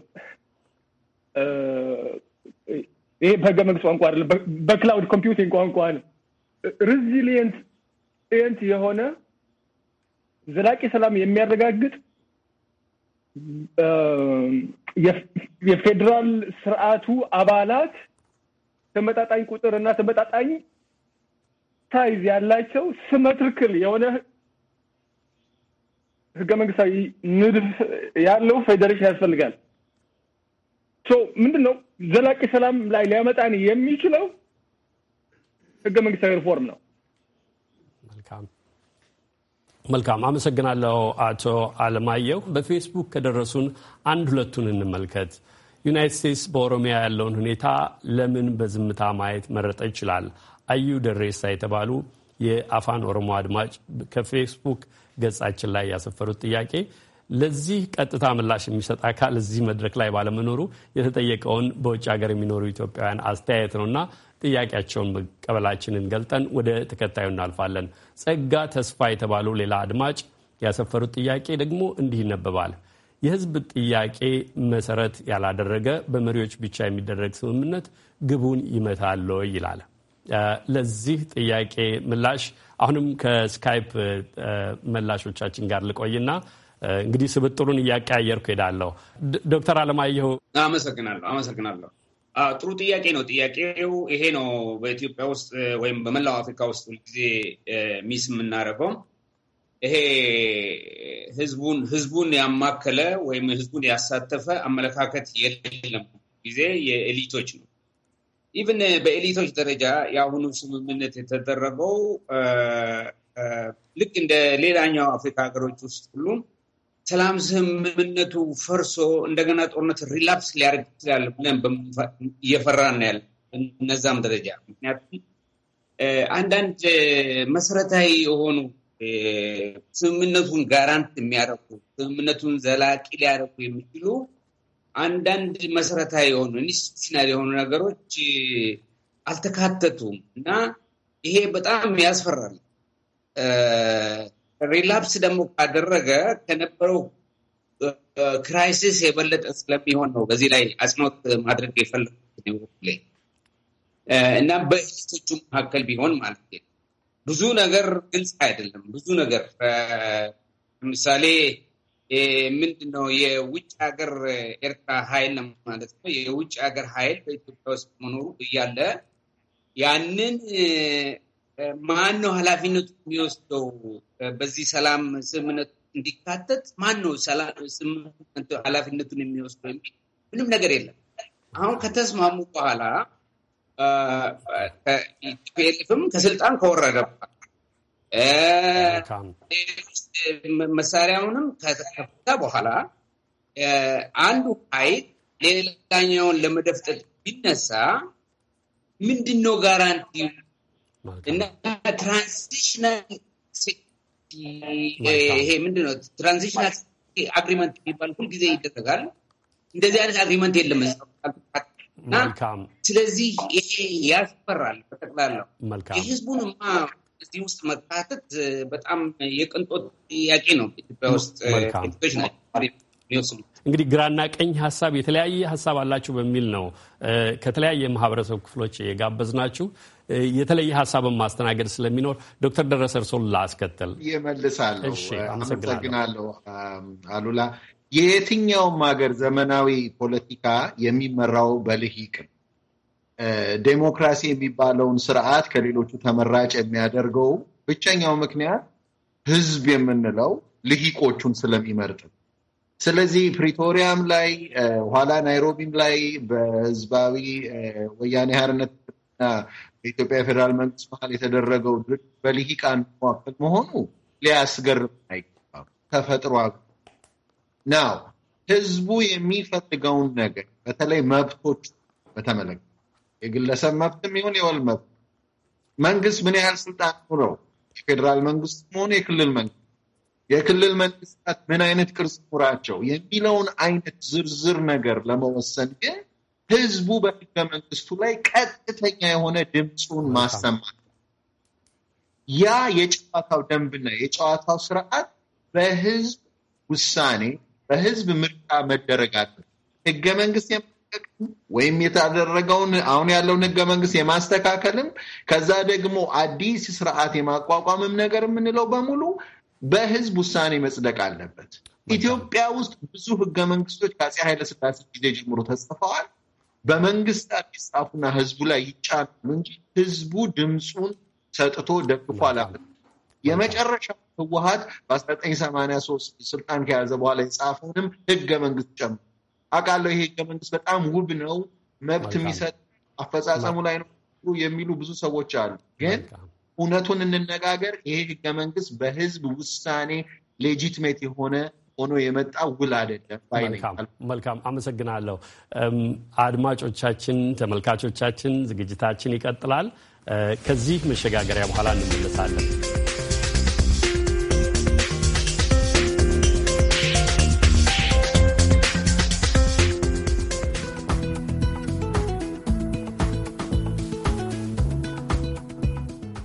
K: ይሄ በህገ መንግስት ቋንቋ አይደለም፣ በክላውድ ኮምፒውቲንግ ቋንቋ ነው። ሪዚሊየንት ኤንት የሆነ ዘላቂ ሰላም የሚያረጋግጥ የፌዴራል ስርዓቱ አባላት ተመጣጣኝ ቁጥር እና ተመጣጣኝ ሳይዝ ያላቸው ስመትርክል የሆነ ህገ መንግስታዊ ንድፍ ያለው ፌዴሬሽን ያስፈልጋል። ምንድን ነው ዘላቂ ሰላም ላይ ሊያመጣን የሚችለው ህገ መንግስታዊ ሪፎርም ነው።
B: መልካም አመሰግናለው አመሰግናለሁ አቶ አለማየሁ። በፌስቡክ ከደረሱን አንድ ሁለቱን እንመልከት። ዩናይት ስቴትስ በኦሮሚያ ያለውን ሁኔታ ለምን በዝምታ ማየት መረጠ ይችላል አዩ ደሬሳ የተባሉ የአፋን ኦሮሞ አድማጭ ከፌስቡክ ገጻችን ላይ ያሰፈሩት ጥያቄ ለዚህ ቀጥታ ምላሽ የሚሰጥ አካል እዚህ መድረክ ላይ ባለመኖሩ የተጠየቀውን በውጭ ሀገር የሚኖሩ ኢትዮጵያውያን አስተያየት ነውና ጥያቄያቸውን መቀበላችንን ገልጠን ወደ ተከታዩ እናልፋለን። ጸጋ ተስፋ የተባሉ ሌላ አድማጭ ያሰፈሩት ጥያቄ ደግሞ እንዲህ ይነበባል። የህዝብ ጥያቄ መሰረት ያላደረገ በመሪዎች ብቻ የሚደረግ ስምምነት ግቡን ይመታል ይላል። ለዚህ ጥያቄ ምላሽ አሁንም ከስካይፕ መላሾቻችን ጋር ልቆይና እንግዲህ ስብጥሩን እያቀያየርኩ ሄዳለሁ። ዶክተር አለማየሁ አመሰግናለሁ። አመሰግናለሁ።
D: ጥሩ ጥያቄ ነው። ጥያቄው ይሄ ነው። በኢትዮጵያ ውስጥ ወይም በመላው አፍሪካ ውስጥ ሁልጊዜ ሚስ የምናደርገው ይሄ ህዝቡን ህዝቡን ያማከለ ወይም ህዝቡን ያሳተፈ አመለካከት የለም። ጊዜ የኤሊቶች ነው ኢቭን በኤሊቶች ደረጃ የአሁኑ ስምምነት የተደረገው ልክ እንደ ሌላኛው አፍሪካ ሀገሮች ውስጥ ሁሉም ሰላም ስምምነቱ ፈርሶ እንደገና ጦርነት ሪላፕስ ሊያደርግ ይችላል ብለን እየፈራን ያለ እነዛም ደረጃ ምክንያቱም አንዳንድ መሰረታዊ የሆኑ ስምምነቱን ጋራንት የሚያደርጉ ስምምነቱን ዘላቂ ሊያደርጉ የሚችሉ አንዳንድ መሰረታዊ የሆኑ ኢንስቲቱሽናል የሆኑ ነገሮች አልተካተቱም እና ይሄ በጣም ያስፈራል። ሪላፕስ ደግሞ ካደረገ ከነበረው ክራይሲስ የበለጠ ስለሚሆን ነው በዚህ ላይ አጽንኦት ማድረግ የፈለጉት ላይ እና በእይቶቹ መካከል ቢሆን ማለት ብዙ ነገር ግልጽ አይደለም። ብዙ ነገር ለምሳሌ ምንድን ነው የውጭ ሀገር ኤርትራ ኃይል ነው ማለት ነው። የውጭ ሀገር ኃይል በኢትዮጵያ ውስጥ መኖሩ እያለ ያንን ማን ነው ኃላፊነቱ የሚወስደው? በዚህ ሰላም ስምምነቱ እንዲካተት ማን ነው ኃላፊነቱን የሚወስደው የሚል ምንም ነገር የለም። አሁን ከተስማሙ በኋላ ቲፒኤልኤፍም ከስልጣን ከወረደ በኋላ መሳሪያውንም ከተከፈተ በኋላ አንዱ ኃይል ሌላኛውን ለመደፍጠጥ ቢነሳ ምንድን ነው ጋራንቲ እና ትራንዚሽናል ይሄ ምንድን ነው ትራንዚሽናል አግሪመንት የሚባል ሁልጊዜ ይደረጋል። እንደዚህ አይነት አግሪመንት የለም። ስለዚህ ይሄ ያስፈራል። በጠቅላላው የህዝቡንማ እዚህ ውስጥ መካተት በጣም የቅንጦት ጥያቄ ነው። ኢትዮጵያ ውስጥ ናቸው
B: እንግዲህ ግራና ቀኝ ሀሳብ የተለያየ ሀሳብ አላችሁ በሚል ነው ከተለያየ ማህበረሰብ ክፍሎች የጋበዝናችሁ የተለየ ሀሳብን ማስተናገድ ስለሚኖር ዶክተር ደረሰ እርሶን ላስከተል
J: ይመልሳለሁ። አመሰግናለሁ አሉላ። የየትኛውም ሀገር ዘመናዊ ፖለቲካ የሚመራው በልሂቅ ነው። ዴሞክራሲ የሚባለውን ስርዓት ከሌሎቹ ተመራጭ የሚያደርገው ብቸኛው ምክንያት ህዝብ የምንለው ልሂቆቹን ስለሚመርጥ። ስለዚህ ፕሪቶሪያም ላይ ኋላ ናይሮቢም ላይ በህዝባዊ ወያኔ ሓርነት በኢትዮጵያ ፌዴራል መንግስት መሀል የተደረገው ድርጅት በልሂቃን መካከል መሆኑ ሊያስገርም አይገባም። ተፈጥሮ ናው ህዝቡ የሚፈልገውን ነገር በተለይ መብቶች በተመለከተ የግለሰብ መብትም ይሁን የወል መብት መንግስት ምን ያህል ስልጣን ኑረው የፌዴራል መንግስት ሆነ የክልል መንግስት የክልል መንግስታት ምን አይነት ቅርጽ ኑራቸው የሚለውን አይነት ዝርዝር ነገር ለመወሰን ግን ህዝቡ በህገ መንግስቱ ላይ ቀጥተኛ የሆነ ድምፁን ማሰማት ያ የጨዋታው ደንብና የጨዋታው ስርዓት በህዝብ ውሳኔ በህዝብ ምርጫ መደረግ አለ። ህገ መንግስት ወይም የተደረገውን አሁን ያለውን ህገ መንግስት የማስተካከልም ከዛ ደግሞ አዲስ ስርዓት የማቋቋምም ነገር የምንለው በሙሉ በህዝብ ውሳኔ መጽደቅ አለበት። ኢትዮጵያ ውስጥ ብዙ ህገ መንግስቶች ከአፄ ኃይለስላሴ ጊዜ ጀምሮ ተጽፈዋል። በመንግስታት ይጻፉና ህዝቡ ላይ ይጫናሉ እንጂ ህዝቡ ድምፁን ሰጥቶ ደግፎ አላፈ የመጨረሻ ህወሀት በ1983 ስልጣን ከያዘ በኋላ የጻፈውንም ህገ መንግስት ጨምሮ አውቃለሁ። ይሄ ህገ መንግስት በጣም ውብ ነው፣ መብት የሚሰጥ አፈጻጸሙ ላይ ነው የሚሉ ብዙ ሰዎች አሉ። ግን እውነቱን እንነጋገር፣ ይሄ ህገ መንግስት በህዝብ ውሳኔ ሌጂትሜት የሆነ ሆኖ የመጣ ውል አይደለም።
B: መልካም አመሰግናለሁ። አድማጮቻችን፣ ተመልካቾቻችን ዝግጅታችን ይቀጥላል። ከዚህ መሸጋገሪያ በኋላ እንመለሳለን።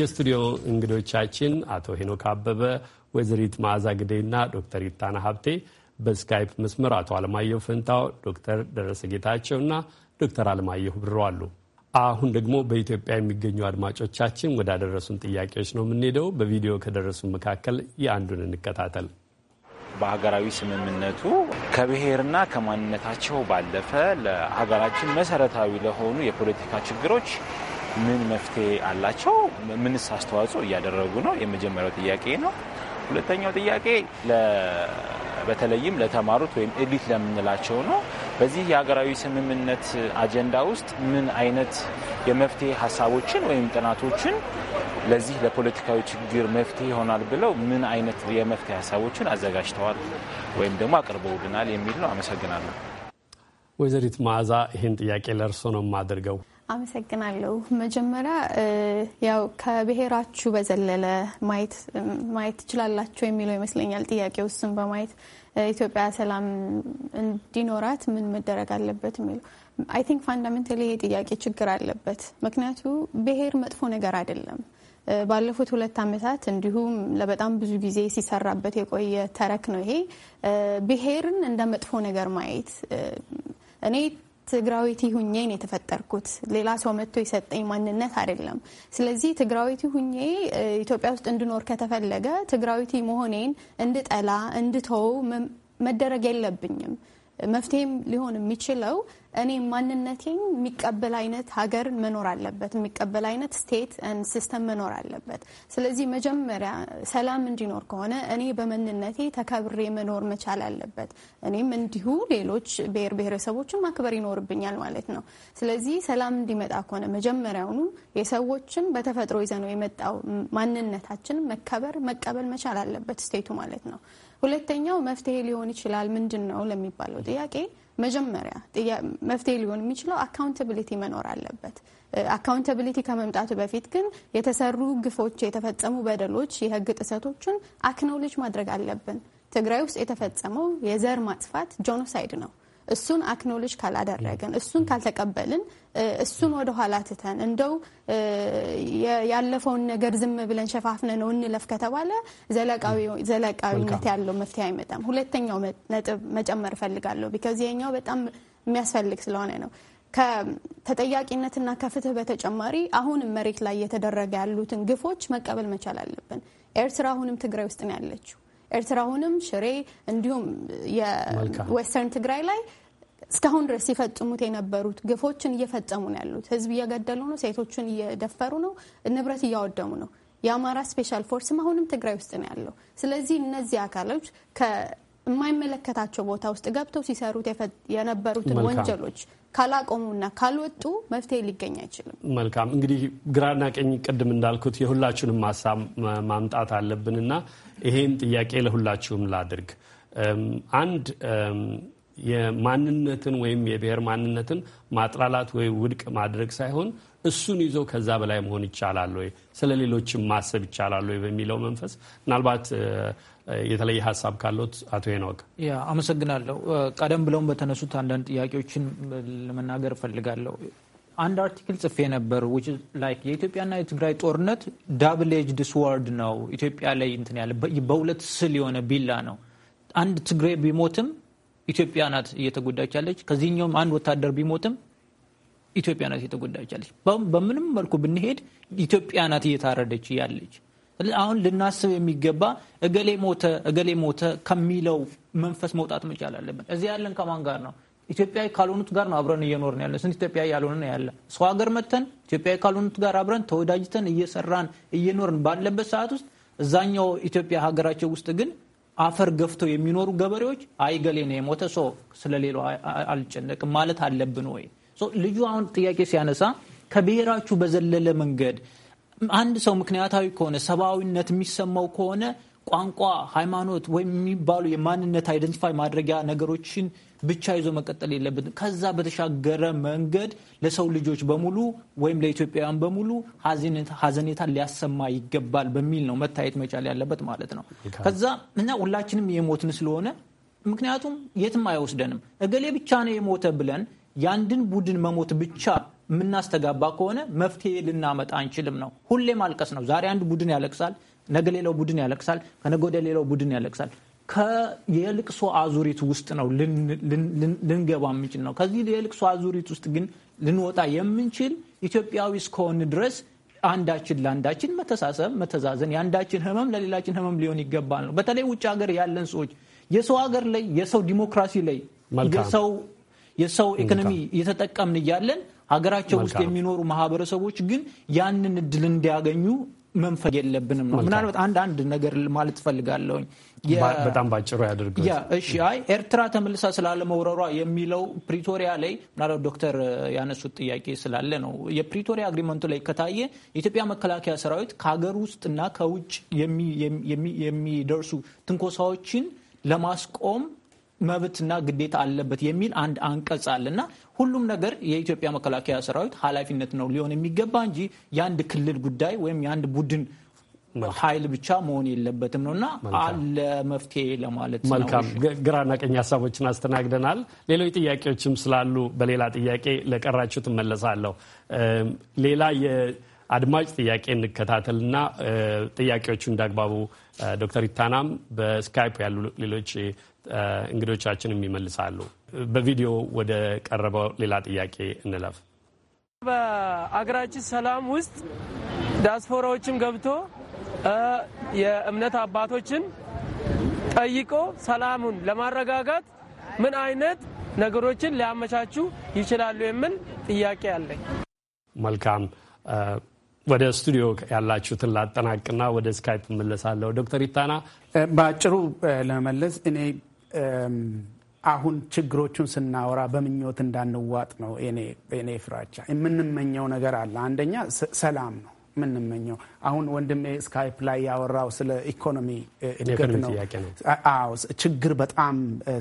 B: የስቱዲዮ እንግዶቻችን አቶ ሄኖክ አበበ፣ ወይዘሪት መዓዛ ግዴና ዶክተር ይታና ሀብቴ በስካይፕ መስመር አቶ አለማየሁ ፈንታው፣ ዶክተር ደረሰ ጌታቸው እና ዶክተር አለማየሁ ብሮ አሉ። አሁን ደግሞ በኢትዮጵያ የሚገኙ አድማጮቻችን ወዳደረሱን ጥያቄዎች ነው የምንሄደው። በቪዲዮ ከደረሱ መካከል የአንዱን እንከታተል። በሀገራዊ ስምምነቱ ከብሔርና
G: ከማንነታቸው ባለፈ ለሀገራችን መሰረታዊ ለሆኑ የፖለቲካ ችግሮች ምን መፍትሄ አላቸው? ምንስ አስተዋጽኦ እያደረጉ ነው? የመጀመሪያው ጥያቄ ነው። ሁለተኛው ጥያቄ በተለይም ለተማሩት ወይም ኤሊት ለምንላቸው ነው። በዚህ የሀገራዊ ስምምነት አጀንዳ ውስጥ ምን አይነት የመፍትሄ ሀሳቦችን ወይም ጥናቶችን ለዚህ ለፖለቲካዊ ችግር መፍትሄ ይሆናል ብለው ምን አይነት የመፍትሄ ሀሳቦችን አዘጋጅተዋል ወይም ደግሞ አቅርበውልናል የሚል ነው። አመሰግናለሁ።
B: ወይዘሪት መዓዛ ይህን ጥያቄ ለእርሶ ነው የማደርገው።
E: አመሰግናለሁ። መጀመሪያ ያው ከብሔራችሁ በዘለለ ማየት ማየት ትችላላችሁ የሚለው ይመስለኛል ጥያቄው። እሱን በማየት ኢትዮጵያ ሰላም እንዲኖራት ምን መደረግ አለበት የሚለው አይ ቲንክ ፋንዳሜንታሊ የጥያቄ ችግር አለበት። ምክንያቱ ብሔር መጥፎ ነገር አይደለም። ባለፉት ሁለት ዓመታት እንዲሁም ለበጣም ብዙ ጊዜ ሲሰራበት የቆየ ተረክ ነው ይሄ ብሔርን እንደ መጥፎ ነገር ማየት እኔ ትግራዊቲ ሁኜ ነው የተፈጠርኩት። ሌላ ሰው መጥቶ የሰጠኝ ማንነት አይደለም። ስለዚህ ትግራዊቲ ሁኜ ኢትዮጵያ ውስጥ እንድኖር ከተፈለገ ትግራዊቲ መሆኔን እንድጠላ፣ እንድተው መደረግ የለብኝም። መፍትሄም ሊሆን የሚችለው እኔ ማንነቴን የሚቀበል አይነት ሀገር መኖር አለበት፣ የሚቀበል አይነት ስቴት ሲስተም መኖር አለበት። ስለዚህ መጀመሪያ ሰላም እንዲኖር ከሆነ እኔ በማንነቴ ተከብሬ መኖር መቻል አለበት። እኔም እንዲሁ ሌሎች ብሔር ብሔረሰቦችን ማክበር ይኖርብኛል ማለት ነው። ስለዚህ ሰላም እንዲመጣ ከሆነ መጀመሪያውኑ የሰዎችን በተፈጥሮ ይዘነው የመጣው ማንነታችን መከበር መቀበል መቻል አለበት ስቴቱ ማለት ነው። ሁለተኛው መፍትሄ ሊሆን ይችላል ምንድን ነው ለሚባለው ጥያቄ መጀመሪያ መፍትሄ ሊሆን የሚችለው አካውንታብሊቲ መኖር አለበት። አካውንታብሊቲ ከመምጣቱ በፊት ግን የተሰሩ ግፎች፣ የተፈጸሙ በደሎች፣ የህግ ጥሰቶችን አክኖሌጅ ማድረግ አለብን። ትግራይ ውስጥ የተፈጸመው የዘር ማጥፋት ጆኖሳይድ ነው። እሱን አክኖሎጅ ካላደረግን፣ እሱን ካልተቀበልን፣ እሱን ወደኋላ ትተን እንደው ያለፈውን ነገር ዝም ብለን ሸፋፍነ ነው እንለፍ ከተባለ ዘለቃዊነት ያለው መፍትሄ አይመጣም። ሁለተኛው ነጥብ መጨመር እፈልጋለሁ ቢካዝ ይሄኛው በጣም የሚያስፈልግ ስለሆነ ነው። ከተጠያቂነትና ከፍትህ በተጨማሪ አሁንም መሬት ላይ እየተደረገ ያሉትን ግፎች መቀበል መቻል አለብን። ኤርትራ አሁንም ትግራይ ውስጥ ነው ያለችው። ኤርትራ ሁንም ሽሬ እንዲሁም የዌስተርን ትግራይ ላይ እስካሁን ድረስ ሲፈጽሙት የነበሩት ግፎችን እየፈጸሙ ነው ያሉት። ህዝብ እየገደሉ ነው፣ ሴቶችን እየደፈሩ ነው፣ ንብረት እያወደሙ ነው። የአማራ ስፔሻል ፎርስም አሁንም ትግራይ ውስጥ ነው ያለው። ስለዚህ እነዚህ አካሎች የማይመለከታቸው ቦታ ውስጥ ገብተው ሲሰሩት የነበሩትን ወንጀሎች ካላቆሙና ካልወጡ መፍትሄ ሊገኝ አይችልም።
B: መልካም እንግዲህ ግራና ቀኝ ቅድም እንዳልኩት የሁላችሁንም ሀሳብ ማምጣት አለብንና ይሄን ጥያቄ ለሁላችሁም ላድርግ። አንድ የማንነትን ወይም የብሔር ማንነትን ማጥላላት ወይ ውድቅ ማድረግ ሳይሆን እሱን ይዞ ከዛ በላይ መሆን ይቻላል ወይ፣ ስለ ሌሎችም ማሰብ ይቻላል ወይ በሚለው መንፈስ ምናልባት የተለየ ሀሳብ ካለት አቶ ሄኖክ።
H: አመሰግናለሁ። ቀደም ብለውም በተነሱት አንዳንድ ጥያቄዎችን ለመናገር እፈልጋለሁ። አንድ አርቲክል ጽፌ ነበር ላይ የኢትዮጵያና የትግራይ ጦርነት ዳብል ኤጅድ ስዋርድ ነው። ኢትዮጵያ ላይ እንትን ያለ በሁለት ስል የሆነ ቢላ ነው። አንድ ትግሬ ቢሞትም ኢትዮጵያ ናት እየተጎዳች ያለች። ከዚህኛውም አንድ ወታደር ቢሞትም ኢትዮጵያ ናት እየተጎዳች ያለች። በምንም መልኩ ብንሄድ ኢትዮጵያ ናት እየታረደች ያለች። አሁን ልናስብ የሚገባ እገሌ ሞተ እገሌ ሞተ ከሚለው መንፈስ መውጣት መቻል አለብን። እዚህ ያለን ከማን ጋር ነው? ኢትዮጵያዊ ካልሆኑት ጋር ነው አብረን እየኖርን ያለ። ስንት ኢትዮጵያዊ ያልሆነ ነው ያለ። ሰው ሀገር መጥተን ኢትዮጵያዊ ካልሆኑት ጋር አብረን ተወዳጅተን እየሰራን እየኖርን ባለበት ሰዓት ውስጥ እዛኛው ኢትዮጵያ ሀገራቸው ውስጥ ግን አፈር ገፍተው የሚኖሩ ገበሬዎች አይገሌ ነው የሞተ ሰው ስለሌሎ አልጨነቅም ማለት አለብን ወይ? ልጁ አሁን ጥያቄ ሲያነሳ ከብሔራችሁ በዘለለ መንገድ አንድ ሰው ምክንያታዊ ከሆነ ሰብአዊነት የሚሰማው ከሆነ ቋንቋ፣ ሃይማኖት ወይም የሚባሉ የማንነት አይደንቲፋይ ማድረጊያ ነገሮችን ብቻ ይዞ መቀጠል የለብን ከዛ በተሻገረ መንገድ ለሰው ልጆች በሙሉ ወይም ለኢትዮጵያውያን በሙሉ ሀዘኔታ ሊያሰማ ይገባል በሚል ነው መታየት መቻል ያለበት ማለት ነው። ከዛ እና ሁላችንም የሞትን ስለሆነ ምክንያቱም የትም አይወስደንም። እገሌ ብቻ ነው የሞተ ብለን የአንድን ቡድን መሞት ብቻ የምናስተጋባ ከሆነ መፍትሄ ልናመጣ አንችልም ነው። ሁሌ ማልቀስ ነው። ዛሬ አንድ ቡድን ያለቅሳል፣ ነገ ሌላው ቡድን ያለቅሳል፣ ከነገ ወደ ሌላው ቡድን ያለቅሳል። የልቅሶ አዙሪት ውስጥ ነው ልንገባ የምንችል ነው። ከዚህ የልቅሶ አዙሪት ውስጥ ግን ልንወጣ የምንችል ኢትዮጵያዊ እስከሆን ድረስ አንዳችን ለአንዳችን መተሳሰብ፣ መተዛዘን የአንዳችን ህመም ለሌላችን ህመም ሊሆን ይገባል ነው። በተለይ ውጭ ሀገር ያለን ሰዎች የሰው ሀገር ላይ የሰው ዲሞክራሲ ላይ የሰው ኢኮኖሚ እየተጠቀምን እያለን ሀገራቸው ውስጥ የሚኖሩ ማህበረሰቦች ግን ያንን እድል እንዲያገኙ መንፈግ የለብንም ነው። ምናልባት አንድ አንድ ነገር ማለት ፈልጋለሁኝ። በጣም
B: ባጭሩ ያደርግ
H: እሺ። አይ ኤርትራ ተመልሳ ስላለመውረሯ የሚለው ፕሪቶሪያ ላይ ምናልባት ዶክተር ያነሱት ጥያቄ ስላለ ነው። የፕሪቶሪያ አግሪመንቱ ላይ ከታየ የኢትዮጵያ መከላከያ ሰራዊት ከሀገር ውስጥና ከውጭ የሚደርሱ ትንኮሳዎችን ለማስቆም መብትና ግዴታ አለበት የሚል አንድ አንቀጽ አለና ሁሉም ነገር የኢትዮጵያ መከላከያ ሰራዊት ኃላፊነት ነው ሊሆን የሚገባ እንጂ የአንድ ክልል ጉዳይ ወይም የአንድ ቡድን ኃይል ብቻ መሆን የለበትም ነውና አለ መፍትሄ
B: ለማለት ነው። መልካም ግራና ቀኝ ሀሳቦችን አስተናግደናል። ሌሎች ጥያቄዎችም ስላሉ በሌላ ጥያቄ ለቀራችሁ ትመለሳለሁ። ሌላ የአድማጭ ጥያቄ እንከታተልና ጥያቄዎቹ እንዳግባቡ ዶክተር ኢታናም በስካይፕ ያሉ ሌሎች እንግዶቻችንም ይመልሳሉ። በቪዲዮ ወደ ቀረበው ሌላ ጥያቄ እንለፍ።
H: በአገራችን ሰላም ውስጥ ዲያስፖራዎችም ገብቶ የእምነት አባቶችን ጠይቆ ሰላሙን ለማረጋጋት ምን አይነት ነገሮችን ሊያመቻቹ ይችላሉ የሚል ጥያቄ አለኝ።
B: መልካም ወደ ስቱዲዮ ያላችሁትን ላጠናቅና ወደ ስካይፕ እመለሳለሁ። ዶክተር ኢታና በአጭሩ ለመመለስ እኔ አሁን ችግሮቹን
I: ስናወራ በምኞት እንዳንዋጥ ነው የኔ ፍራቻ። የምንመኘው ነገር አለ። አንደኛ ሰላም ነው የምንመኘው። አሁን ወንድሜ ስካይፕ ላይ ያወራው ስለ ኢኮኖሚ እድገት ነው። አዎ ችግር በጣም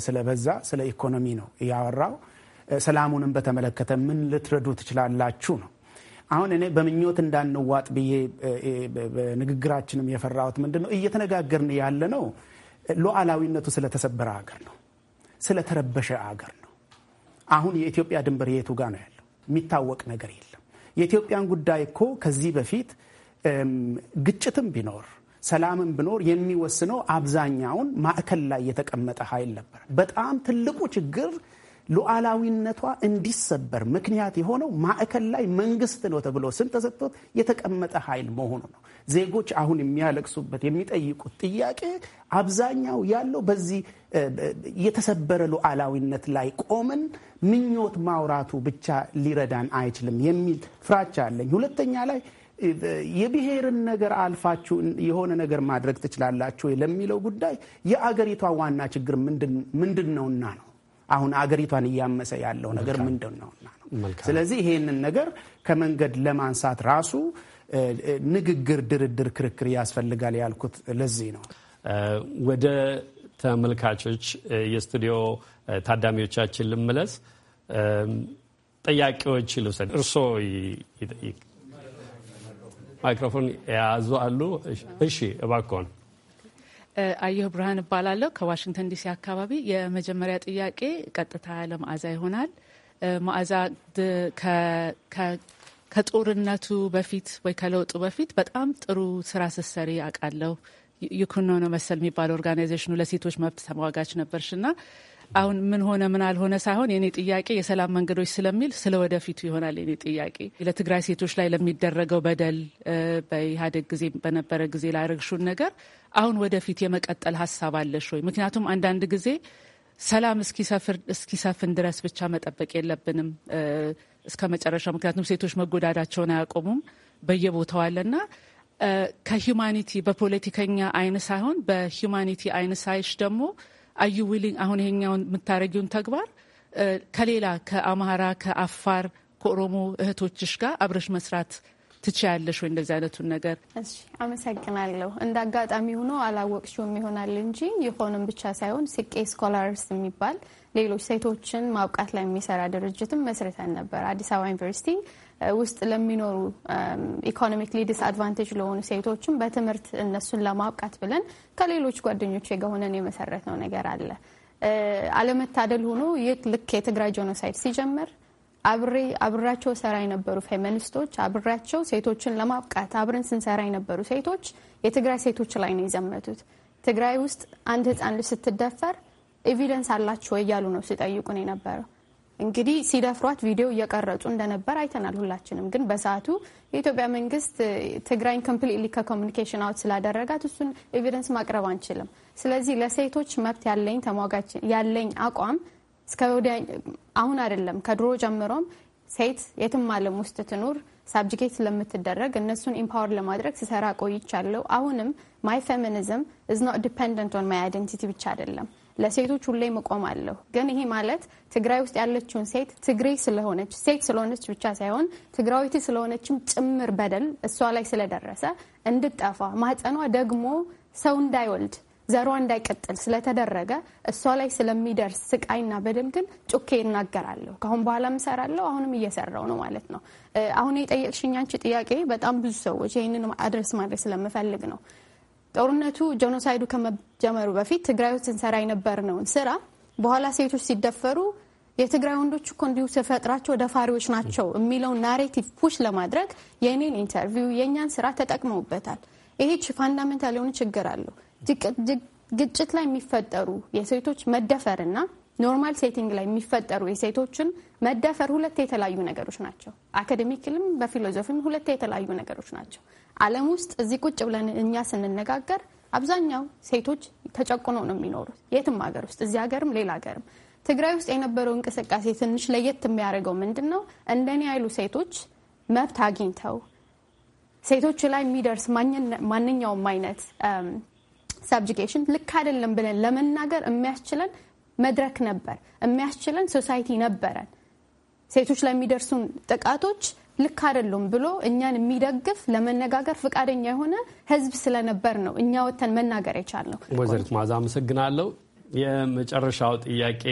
I: ስለበዛ ስለ ኢኮኖሚ ነው ያወራው። ሰላሙንም በተመለከተ ምን ልትረዱ ትችላላችሁ ነው። አሁን እኔ በምኞት እንዳንዋጥ ብዬ ንግግራችንም የፈራሁት ምንድን ነው እየተነጋገርን ያለ ነው ሉዓላዊነቱ ስለተሰበረ ሀገር ነው፣ ስለተረበሸ ሀገር ነው። አሁን የኢትዮጵያ ድንበር የቱ ጋር ነው ያለው? የሚታወቅ ነገር የለም። የኢትዮጵያን ጉዳይ እኮ ከዚህ በፊት ግጭትም ቢኖር ሰላምም ቢኖር የሚወስነው አብዛኛውን ማዕከል ላይ የተቀመጠ ኃይል ነበር። በጣም ትልቁ ችግር ሉዓላዊነቷ እንዲሰበር ምክንያት የሆነው ማዕከል ላይ መንግስት ነው ተብሎ ስም ተሰጥቶት የተቀመጠ ኃይል መሆኑ ነው። ዜጎች አሁን የሚያለቅሱበት የሚጠይቁት ጥያቄ አብዛኛው ያለው በዚህ የተሰበረ ሉዓላዊነት ላይ ቆመን ምኞት ማውራቱ ብቻ ሊረዳን አይችልም የሚል ፍራቻ አለኝ። ሁለተኛ ላይ የብሔርን ነገር አልፋችሁ የሆነ ነገር ማድረግ ትችላላችሁ ለሚለው ጉዳይ የአገሪቷ ዋና ችግር ምንድን ነውና ነው። አሁን አገሪቷን እያመሰ ያለው ነገር ምንድን ነውና ነው። ስለዚህ ይሄንን ነገር ከመንገድ ለማንሳት ራሱ ንግግር፣ ድርድር፣ ክርክር ያስፈልጋል ያልኩት ለዚህ ነው።
B: ወደ ተመልካቾች የስቱዲዮ ታዳሚዎቻችን ልመለስ። ጥያቄዎች ልውሰድ። እርስዎ ማይክሮፎን የያዙ አሉ? እሺ እባክዎን።
F: አየሁ ብርሃን እባላለሁ ከዋሽንግተን ዲሲ አካባቢ። የመጀመሪያ ጥያቄ ቀጥታ ለመዓዛ ይሆናል። መዓዛ ከጦርነቱ በፊት ወይ ከለውጡ በፊት በጣም ጥሩ ስራ ስትሰሪ አውቃለሁ። ይኩኖ ነው መሰል የሚባል ኦርጋናይዜሽኑ ለሴቶች መብት ተሟጋች ነበርሽ እና አሁን ምን ሆነ ምን አልሆነ ሳይሆን የኔ ጥያቄ የሰላም መንገዶች ስለሚል ስለ ወደፊቱ ይሆናል። የኔ ጥያቄ ለትግራይ ሴቶች ላይ ለሚደረገው በደል በኢህአዴግ ጊዜ በነበረ ጊዜ ላረግሹን ነገር አሁን ወደፊት የመቀጠል ሀሳብ አለሽ ወይ? ምክንያቱም አንዳንድ ጊዜ ሰላም እስኪሰፍን ድረስ ብቻ መጠበቅ የለብንም። እስከ መጨረሻ ምክንያቱም ሴቶች መጎዳዳቸውን አያቆሙም፣ በየቦታው አለና ከሂዩማኒቲ በፖለቲከኛ አይን ሳይሆን በሂዩማኒቲ አይን ሳይሽ ደግሞ አዩ ዊሊንግ አሁን ይሄኛውን የምታደረጊውን ተግባር ከሌላ ከአማራ ከአፋር ከኦሮሞ እህቶችሽ ጋር አብረሽ መስራት ትችያለሽ ወይ? እንደዚህ አይነቱን ነገር
E: አመሰግናለሁ። እንደ አጋጣሚ ሆኖ አላወቅሽውም ይሆናል እንጂ የሆንም ብቻ ሳይሆን ስቄ ስኮላርስ የሚባል ሌሎች ሴቶችን ማብቃት ላይ የሚሰራ ድርጅትም መስርተን ነበር። አዲስ አበባ ዩኒቨርሲቲ ውስጥ ለሚኖሩ ኢኮኖሚክ ኢኮኖሚክሊ አድቫንቴጅ ለሆኑ ሴቶችም በትምህርት እነሱን ለማብቃት ብለን ከሌሎች ጓደኞች የገሆነን ሆነን የመሰረት ነው ነገር አለ። አለመታደል ሆኖ ይህ ልክ የትግራይ ጄኖሳይድ ሲጀመር አብሬ አብራቸው ሰራ የነበሩ ፌሚኒስቶች አብራቸው ሴቶችን ለማብቃት አብረን ስንሰራ የነበሩ ሴቶች የትግራይ ሴቶች ላይ ነው የዘመቱት። ትግራይ ውስጥ አንድ ህፃን ልጅ ስትደፈር ኤቪደንስ አላችሁ ወይ እያሉ ነው ሲጠይቁን የነበረው። እንግዲህ ሲደፍሯት ቪዲዮ እየቀረጹ እንደነበር አይተናል ሁላችንም። ግን በሰዓቱ የኢትዮጵያ መንግስት ትግራይን ኮምፕሊትሊ ከኮሚኒኬሽን አውት ስላደረጋት እሱን ኤቪደንስ ማቅረብ አንችልም። ስለዚህ ለሴቶች መብት ያለኝ ተሟጋች ያለኝ አቋም እስከ ወዲያ አሁን አይደለም ከድሮ ጀምሮም ሴት የትም ዓለም ውስጥ ትኑር ሳብጅኬት ስለምትደረግ እነሱን ኢምፓወር ለማድረግ ስሰራ ቆይቻለሁ። አሁንም ማይ ፌሚኒዝም ኢዝ ኖት ዲፐንደንት ኦን ማይ አይደንቲቲ ብቻ አይደለም ለሴቶች ሁሌ እቆማለሁ። ግን ይሄ ማለት ትግራይ ውስጥ ያለችውን ሴት ትግሬ ስለሆነች ሴት ስለሆነች ብቻ ሳይሆን ትግራዊት ስለሆነችም ጭምር በደል እሷ ላይ ስለደረሰ እንድጠፋ ማህፀኗ ደግሞ ሰው እንዳይወልድ ዘሯ እንዳይቀጥል ስለተደረገ እሷ ላይ ስለሚደርስ ስቃይና በደል ግን ጩኬ ይናገራለሁ። ከአሁን በኋላም እሰራለሁ። አሁንም እየሰራው ነው ማለት ነው። አሁን የጠየቅሽኝ አንቺ ጥያቄ በጣም ብዙ ሰዎች ይህንን አድረስ ማድረግ ስለምፈልግ ነው ጦርነቱ ጄኖሳይዱ ከመጀመሩ በፊት ትግራይ ውስጥ ስንሰራ የነበርነውን ስራ በኋላ ሴቶች ሲደፈሩ የትግራይ ወንዶች እኮ እንዲሁ ተፈጥሯቸው ደፋሪዎች ናቸው የሚለውን ናሬቲቭ ፑሽ ለማድረግ የእኔን ኢንተርቪው የእኛን ስራ ተጠቅመውበታል። ይሄች ፋንዳሜንታል የሆነ ችግር አለው። ግጭት ላይ የሚፈጠሩ የሴቶች መደፈርና ኖርማል ሴቲንግ ላይ የሚፈጠሩ የሴቶችን መደፈር ሁለት የተለያዩ ነገሮች ናቸው። አካዴሚክልም በፊሎዞፊም ሁለት የተለያዩ ነገሮች ናቸው። ዓለም ውስጥ እዚህ ቁጭ ብለን እኛ ስንነጋገር አብዛኛው ሴቶች ተጨቁኖ ነው የሚኖሩት የትም ሀገር ውስጥ እዚህ ሀገርም ሌላ ሀገርም። ትግራይ ውስጥ የነበረው እንቅስቃሴ ትንሽ ለየት የሚያደርገው ምንድን ነው? እንደኔ ያሉ ሴቶች መብት አግኝተው ሴቶች ላይ የሚደርስ ማንኛውም አይነት ሰብጅኬሽን ልክ አይደለም ብለን ለመናገር የሚያስችለን መድረክ ነበር፣ የሚያስችለን ሶሳይቲ ነበረን። ሴቶች ለሚደርሱን ጥቃቶች ልክ አይደሉም ብሎ እኛን የሚደግፍ ለመነጋገር ፈቃደኛ የሆነ ህዝብ ስለነበር ነው እኛ ወተን መናገር የቻልነው።
B: ወይዘሪት ማዛ አመሰግናለሁ። የመጨረሻው ጥያቄ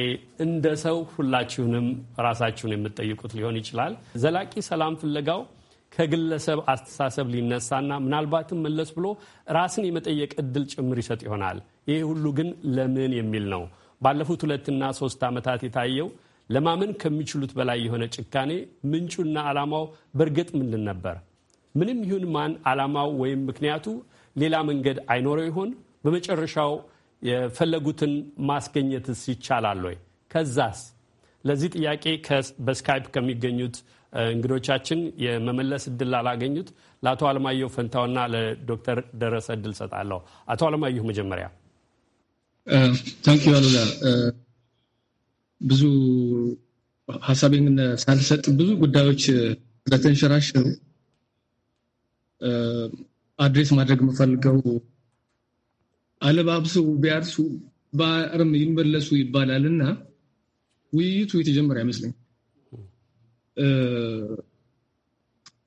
B: እንደ ሰው ሁላችሁንም ራሳችሁን የምትጠይቁት ሊሆን ይችላል። ዘላቂ ሰላም ፍለጋው ከግለሰብ አስተሳሰብ ሊነሳና ምናልባትም መለስ ብሎ ራስን የመጠየቅ እድል ጭምር ይሰጥ ይሆናል። ይህ ሁሉ ግን ለምን የሚል ነው። ባለፉት ሁለትና ሶስት ዓመታት የታየው ለማመን ከሚችሉት በላይ የሆነ ጭካኔ ምንጩና ዓላማው በእርግጥ ምንድን ነበር? ምንም ይሁን ማን ዓላማው ወይም ምክንያቱ ሌላ መንገድ አይኖረው ይሆን? በመጨረሻው የፈለጉትን ማስገኘትስ ይቻላል ወይ? ከዛስ? ለዚህ ጥያቄ በስካይፕ ከሚገኙት እንግዶቻችን የመመለስ እድል አላገኙት ለአቶ አለማየሁ ፈንታውና ለዶክተር ደረሰ እድል ሰጣለሁ። አቶ አለማየሁ መጀመሪያ
M: ታንኪዩ አሉላ። ብዙ ሀሳቤን ሳልሰጥ ብዙ ጉዳዮች ስለተንሸራሸሩ አድሬስ ማድረግ የምፈልገው አለባብሱ ቢያርሱ በአርም ይመለሱ ይባላል እና ውይይቱ የተጀመረ አይመስለኝ።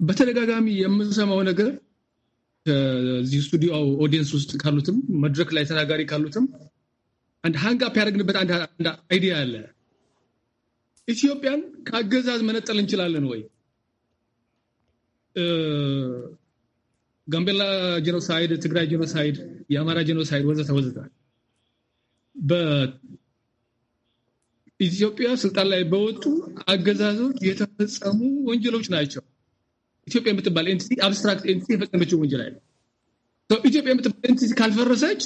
M: በተደጋጋሚ የምንሰማው ነገር ከዚህ ስቱዲዮ ኦዲየንስ ውስጥ ካሉትም መድረክ ላይ ተናጋሪ ካሉትም አንድ ሃንጋፕ ያደረግንበት አንድ አይዲያ አለ። ኢትዮጵያን ከአገዛዝ መነጠል እንችላለን ወይ? ጋምቤላ ጄኖሳይድ፣ ትግራይ ጄኖሳይድ፣ የአማራ ጄኖሳይድ ወዘተ ወዘተ በኢትዮጵያ ስልጣን ላይ በወጡ አገዛዞች የተፈጸሙ ወንጀሎች ናቸው። ኢትዮጵያ የምትባል ኤንቲቲ አብስትራክት ኤንቲቲ የፈጸመችው ወንጀል አለ። ኢትዮጵያ የምትባል ኤንቲቲ ካልፈረሰች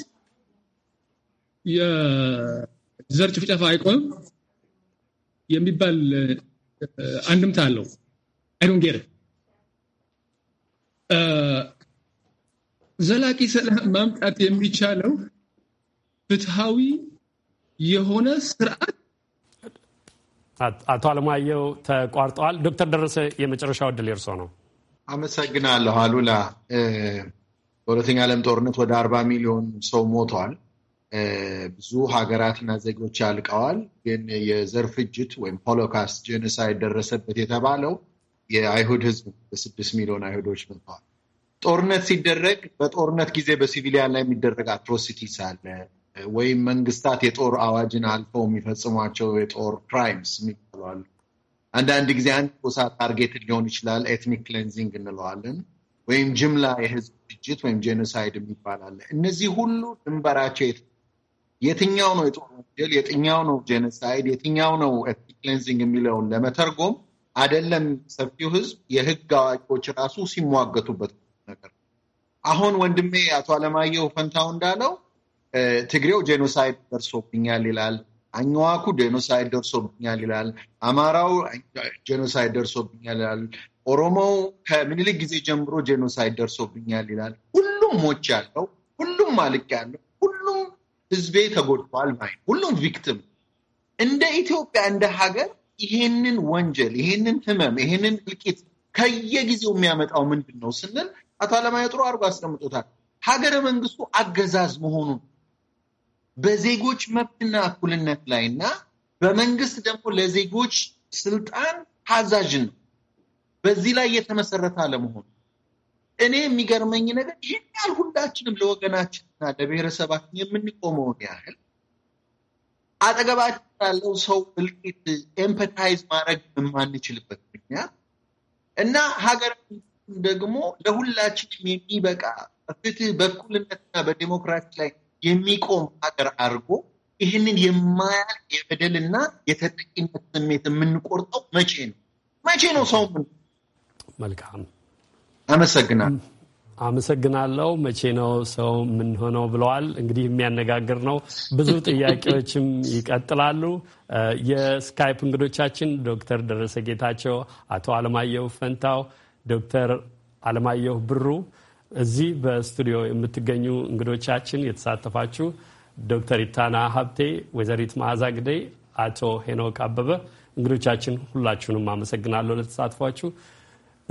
M: የዘር ጭፍጨፋ አይቆምም የሚባል አንድምታ አለው። አይዶንጌር ዘላቂ ሰላም ማምጣት የሚቻለው ፍትሃዊ የሆነ ስርዓት
B: አቶ አለማየሁ ተቋርጠዋል። ዶክተር ደረሰ የመጨረሻው እድል እርሶ ነው።
J: አመሰግናለሁ አሉላ። በሁለተኛ ዓለም ጦርነት ወደ አርባ ሚሊዮን ሰው ሞቷል። ብዙ ሀገራትና ዜጎች ያልቀዋል። ግን የዘር ፍጅት ወይም ሆሎካስት ጄኖሳይድ ደረሰበት የተባለው የአይሁድ ህዝብ በስድስት ሚሊዮን አይሁዶች መጥተዋል። ጦርነት ሲደረግ በጦርነት ጊዜ በሲቪሊያን ላይ የሚደረግ አትሮሲቲስ አለ ወይም መንግስታት የጦር አዋጅን አልፈው የሚፈጽሟቸው የጦር ክራይምስ የሚባሉ አንዳንድ ጊዜ አንድ ጎሳ ታርጌትን ሊሆን ይችላል። ኤትኒክ ክሌንዚንግ እንለዋለን። ወይም ጅምላ የህዝብ ፍጅት ወይም ጄኖሳይድ የሚባል አለ። እነዚህ ሁሉ ድንበራቸው የትኛው ነው የጦር ወንጀል፣ የትኛው ነው ጄኖሳይድ፣ የትኛው ነው ኤትኒክ ክሌንዚንግ የሚለውን ለመተርጎም አደለም ሰፊው ህዝብ የህግ አዋቂዎች ራሱ ሲሟገቱበት ነገር አሁን ወንድሜ አቶ አለማየሁ ፈንታው እንዳለው ትግሬው ጄኖሳይድ ደርሶብኛል ይላል። አኝዋኩ ጄኖሳይድ ደርሶብኛል ይላል። አማራው ጄኖሳይድ ደርሶብኛል ይላል። ኦሮሞው ከምኒልክ ጊዜ ጀምሮ ጄኖሳይድ ደርሶብኛል ይላል። ሁሉም ሞች ያለው ሁሉም ማልቅ ያለው ሁሉም ህዝቤ ተጎድቷል ማለት ሁሉም ቪክቲም እንደ ኢትዮጵያ እንደ ሀገር ይሄንን ወንጀል ይሄንን ህመም ይሄንን እልቂት ከየጊዜው የሚያመጣው ምንድን ነው ስንል አቶ አለማየ ጥሩ አድርጎ አስቀምጦታል። ሀገረ መንግስቱ አገዛዝ መሆኑን በዜጎች መብትና እኩልነት ላይ እና በመንግስት ደግሞ ለዜጎች ስልጣን ታዛዥን ነው በዚህ ላይ የተመሰረተ አለመሆኑ እኔ የሚገርመኝ ነገር ይህን ያህል ሁላችንም ለወገናችንና ለብሔረሰባችን የምንቆመውን ያህል አጠገባችን ያለው ሰው እልቂት ኤምፐታይዝ ማድረግ የማንችልበት ምክንያት እና ሀገር ደግሞ ለሁላችንም የሚበቃ ፍትህ፣ በእኩልነትና በዴሞክራሲ ላይ የሚቆም ሀገር አድርጎ ይህንን የማያልቅ የበደልና የተጠቂነት ስሜት የምንቆርጠው መቼ ነው? መቼ ነው ሰው ምን
B: መልካም አመሰግናለሁ። አመሰግናለሁ። መቼ ነው ሰው የምንሆነው ብለዋል። እንግዲህ የሚያነጋግር ነው። ብዙ ጥያቄዎችም ይቀጥላሉ። የስካይፕ እንግዶቻችን ዶክተር ደረሰ ጌታቸው፣ አቶ አለማየሁ ፈንታው፣ ዶክተር አለማየሁ ብሩ እዚህ በስቱዲዮ የምትገኙ እንግዶቻችን የተሳተፋችሁ ዶክተር ኢታና ሀብቴ፣ ወይዘሪት መዓዛ ግደይ፣ አቶ ሄኖክ አበበ እንግዶቻችን ሁላችሁንም አመሰግናለሁ ለተሳትፏችሁ።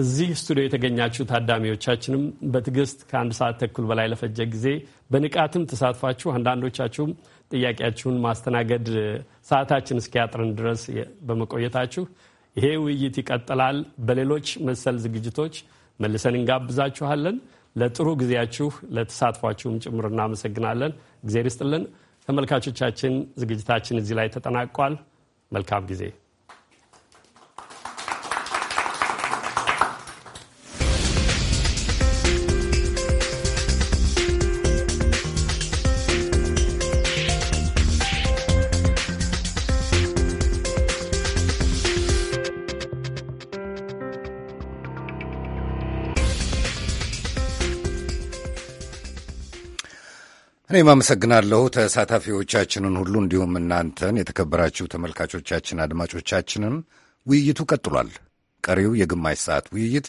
B: እዚህ ስቱዲዮ የተገኛችሁ ታዳሚዎቻችንም በትዕግስት ከአንድ ሰዓት ተኩል በላይ ለፈጀ ጊዜ በንቃትም ተሳትፋችሁ አንዳንዶቻችሁም ጥያቄያችሁን ማስተናገድ ሰዓታችን እስኪያጥርን ድረስ በመቆየታችሁ ይሄ ውይይት ይቀጥላል። በሌሎች መሰል ዝግጅቶች መልሰን እንጋብዛችኋለን። ለጥሩ ጊዜያችሁ ለተሳትፏችሁም ጭምር እናመሰግናለን። እግዜር ይስጥልን። ተመልካቾቻችን ዝግጅታችን እዚህ ላይ ተጠናቋል። መልካም ጊዜ
A: እኔም አመሰግናለሁ ተሳታፊዎቻችንን ሁሉ እንዲሁም እናንተን የተከበራችሁ ተመልካቾቻችን፣ አድማጮቻችንን። ውይይቱ ቀጥሏል። ቀሪው የግማሽ ሰዓት ውይይት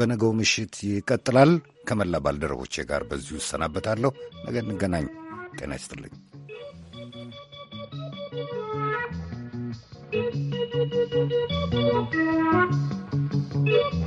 A: በነገው ምሽት ይቀጥላል። ከመላ ባልደረቦቼ ጋር በዚሁ እሰናበታለሁ። ነገ እንገናኝ። ጤና ይስጥልኝ።
F: Thank you.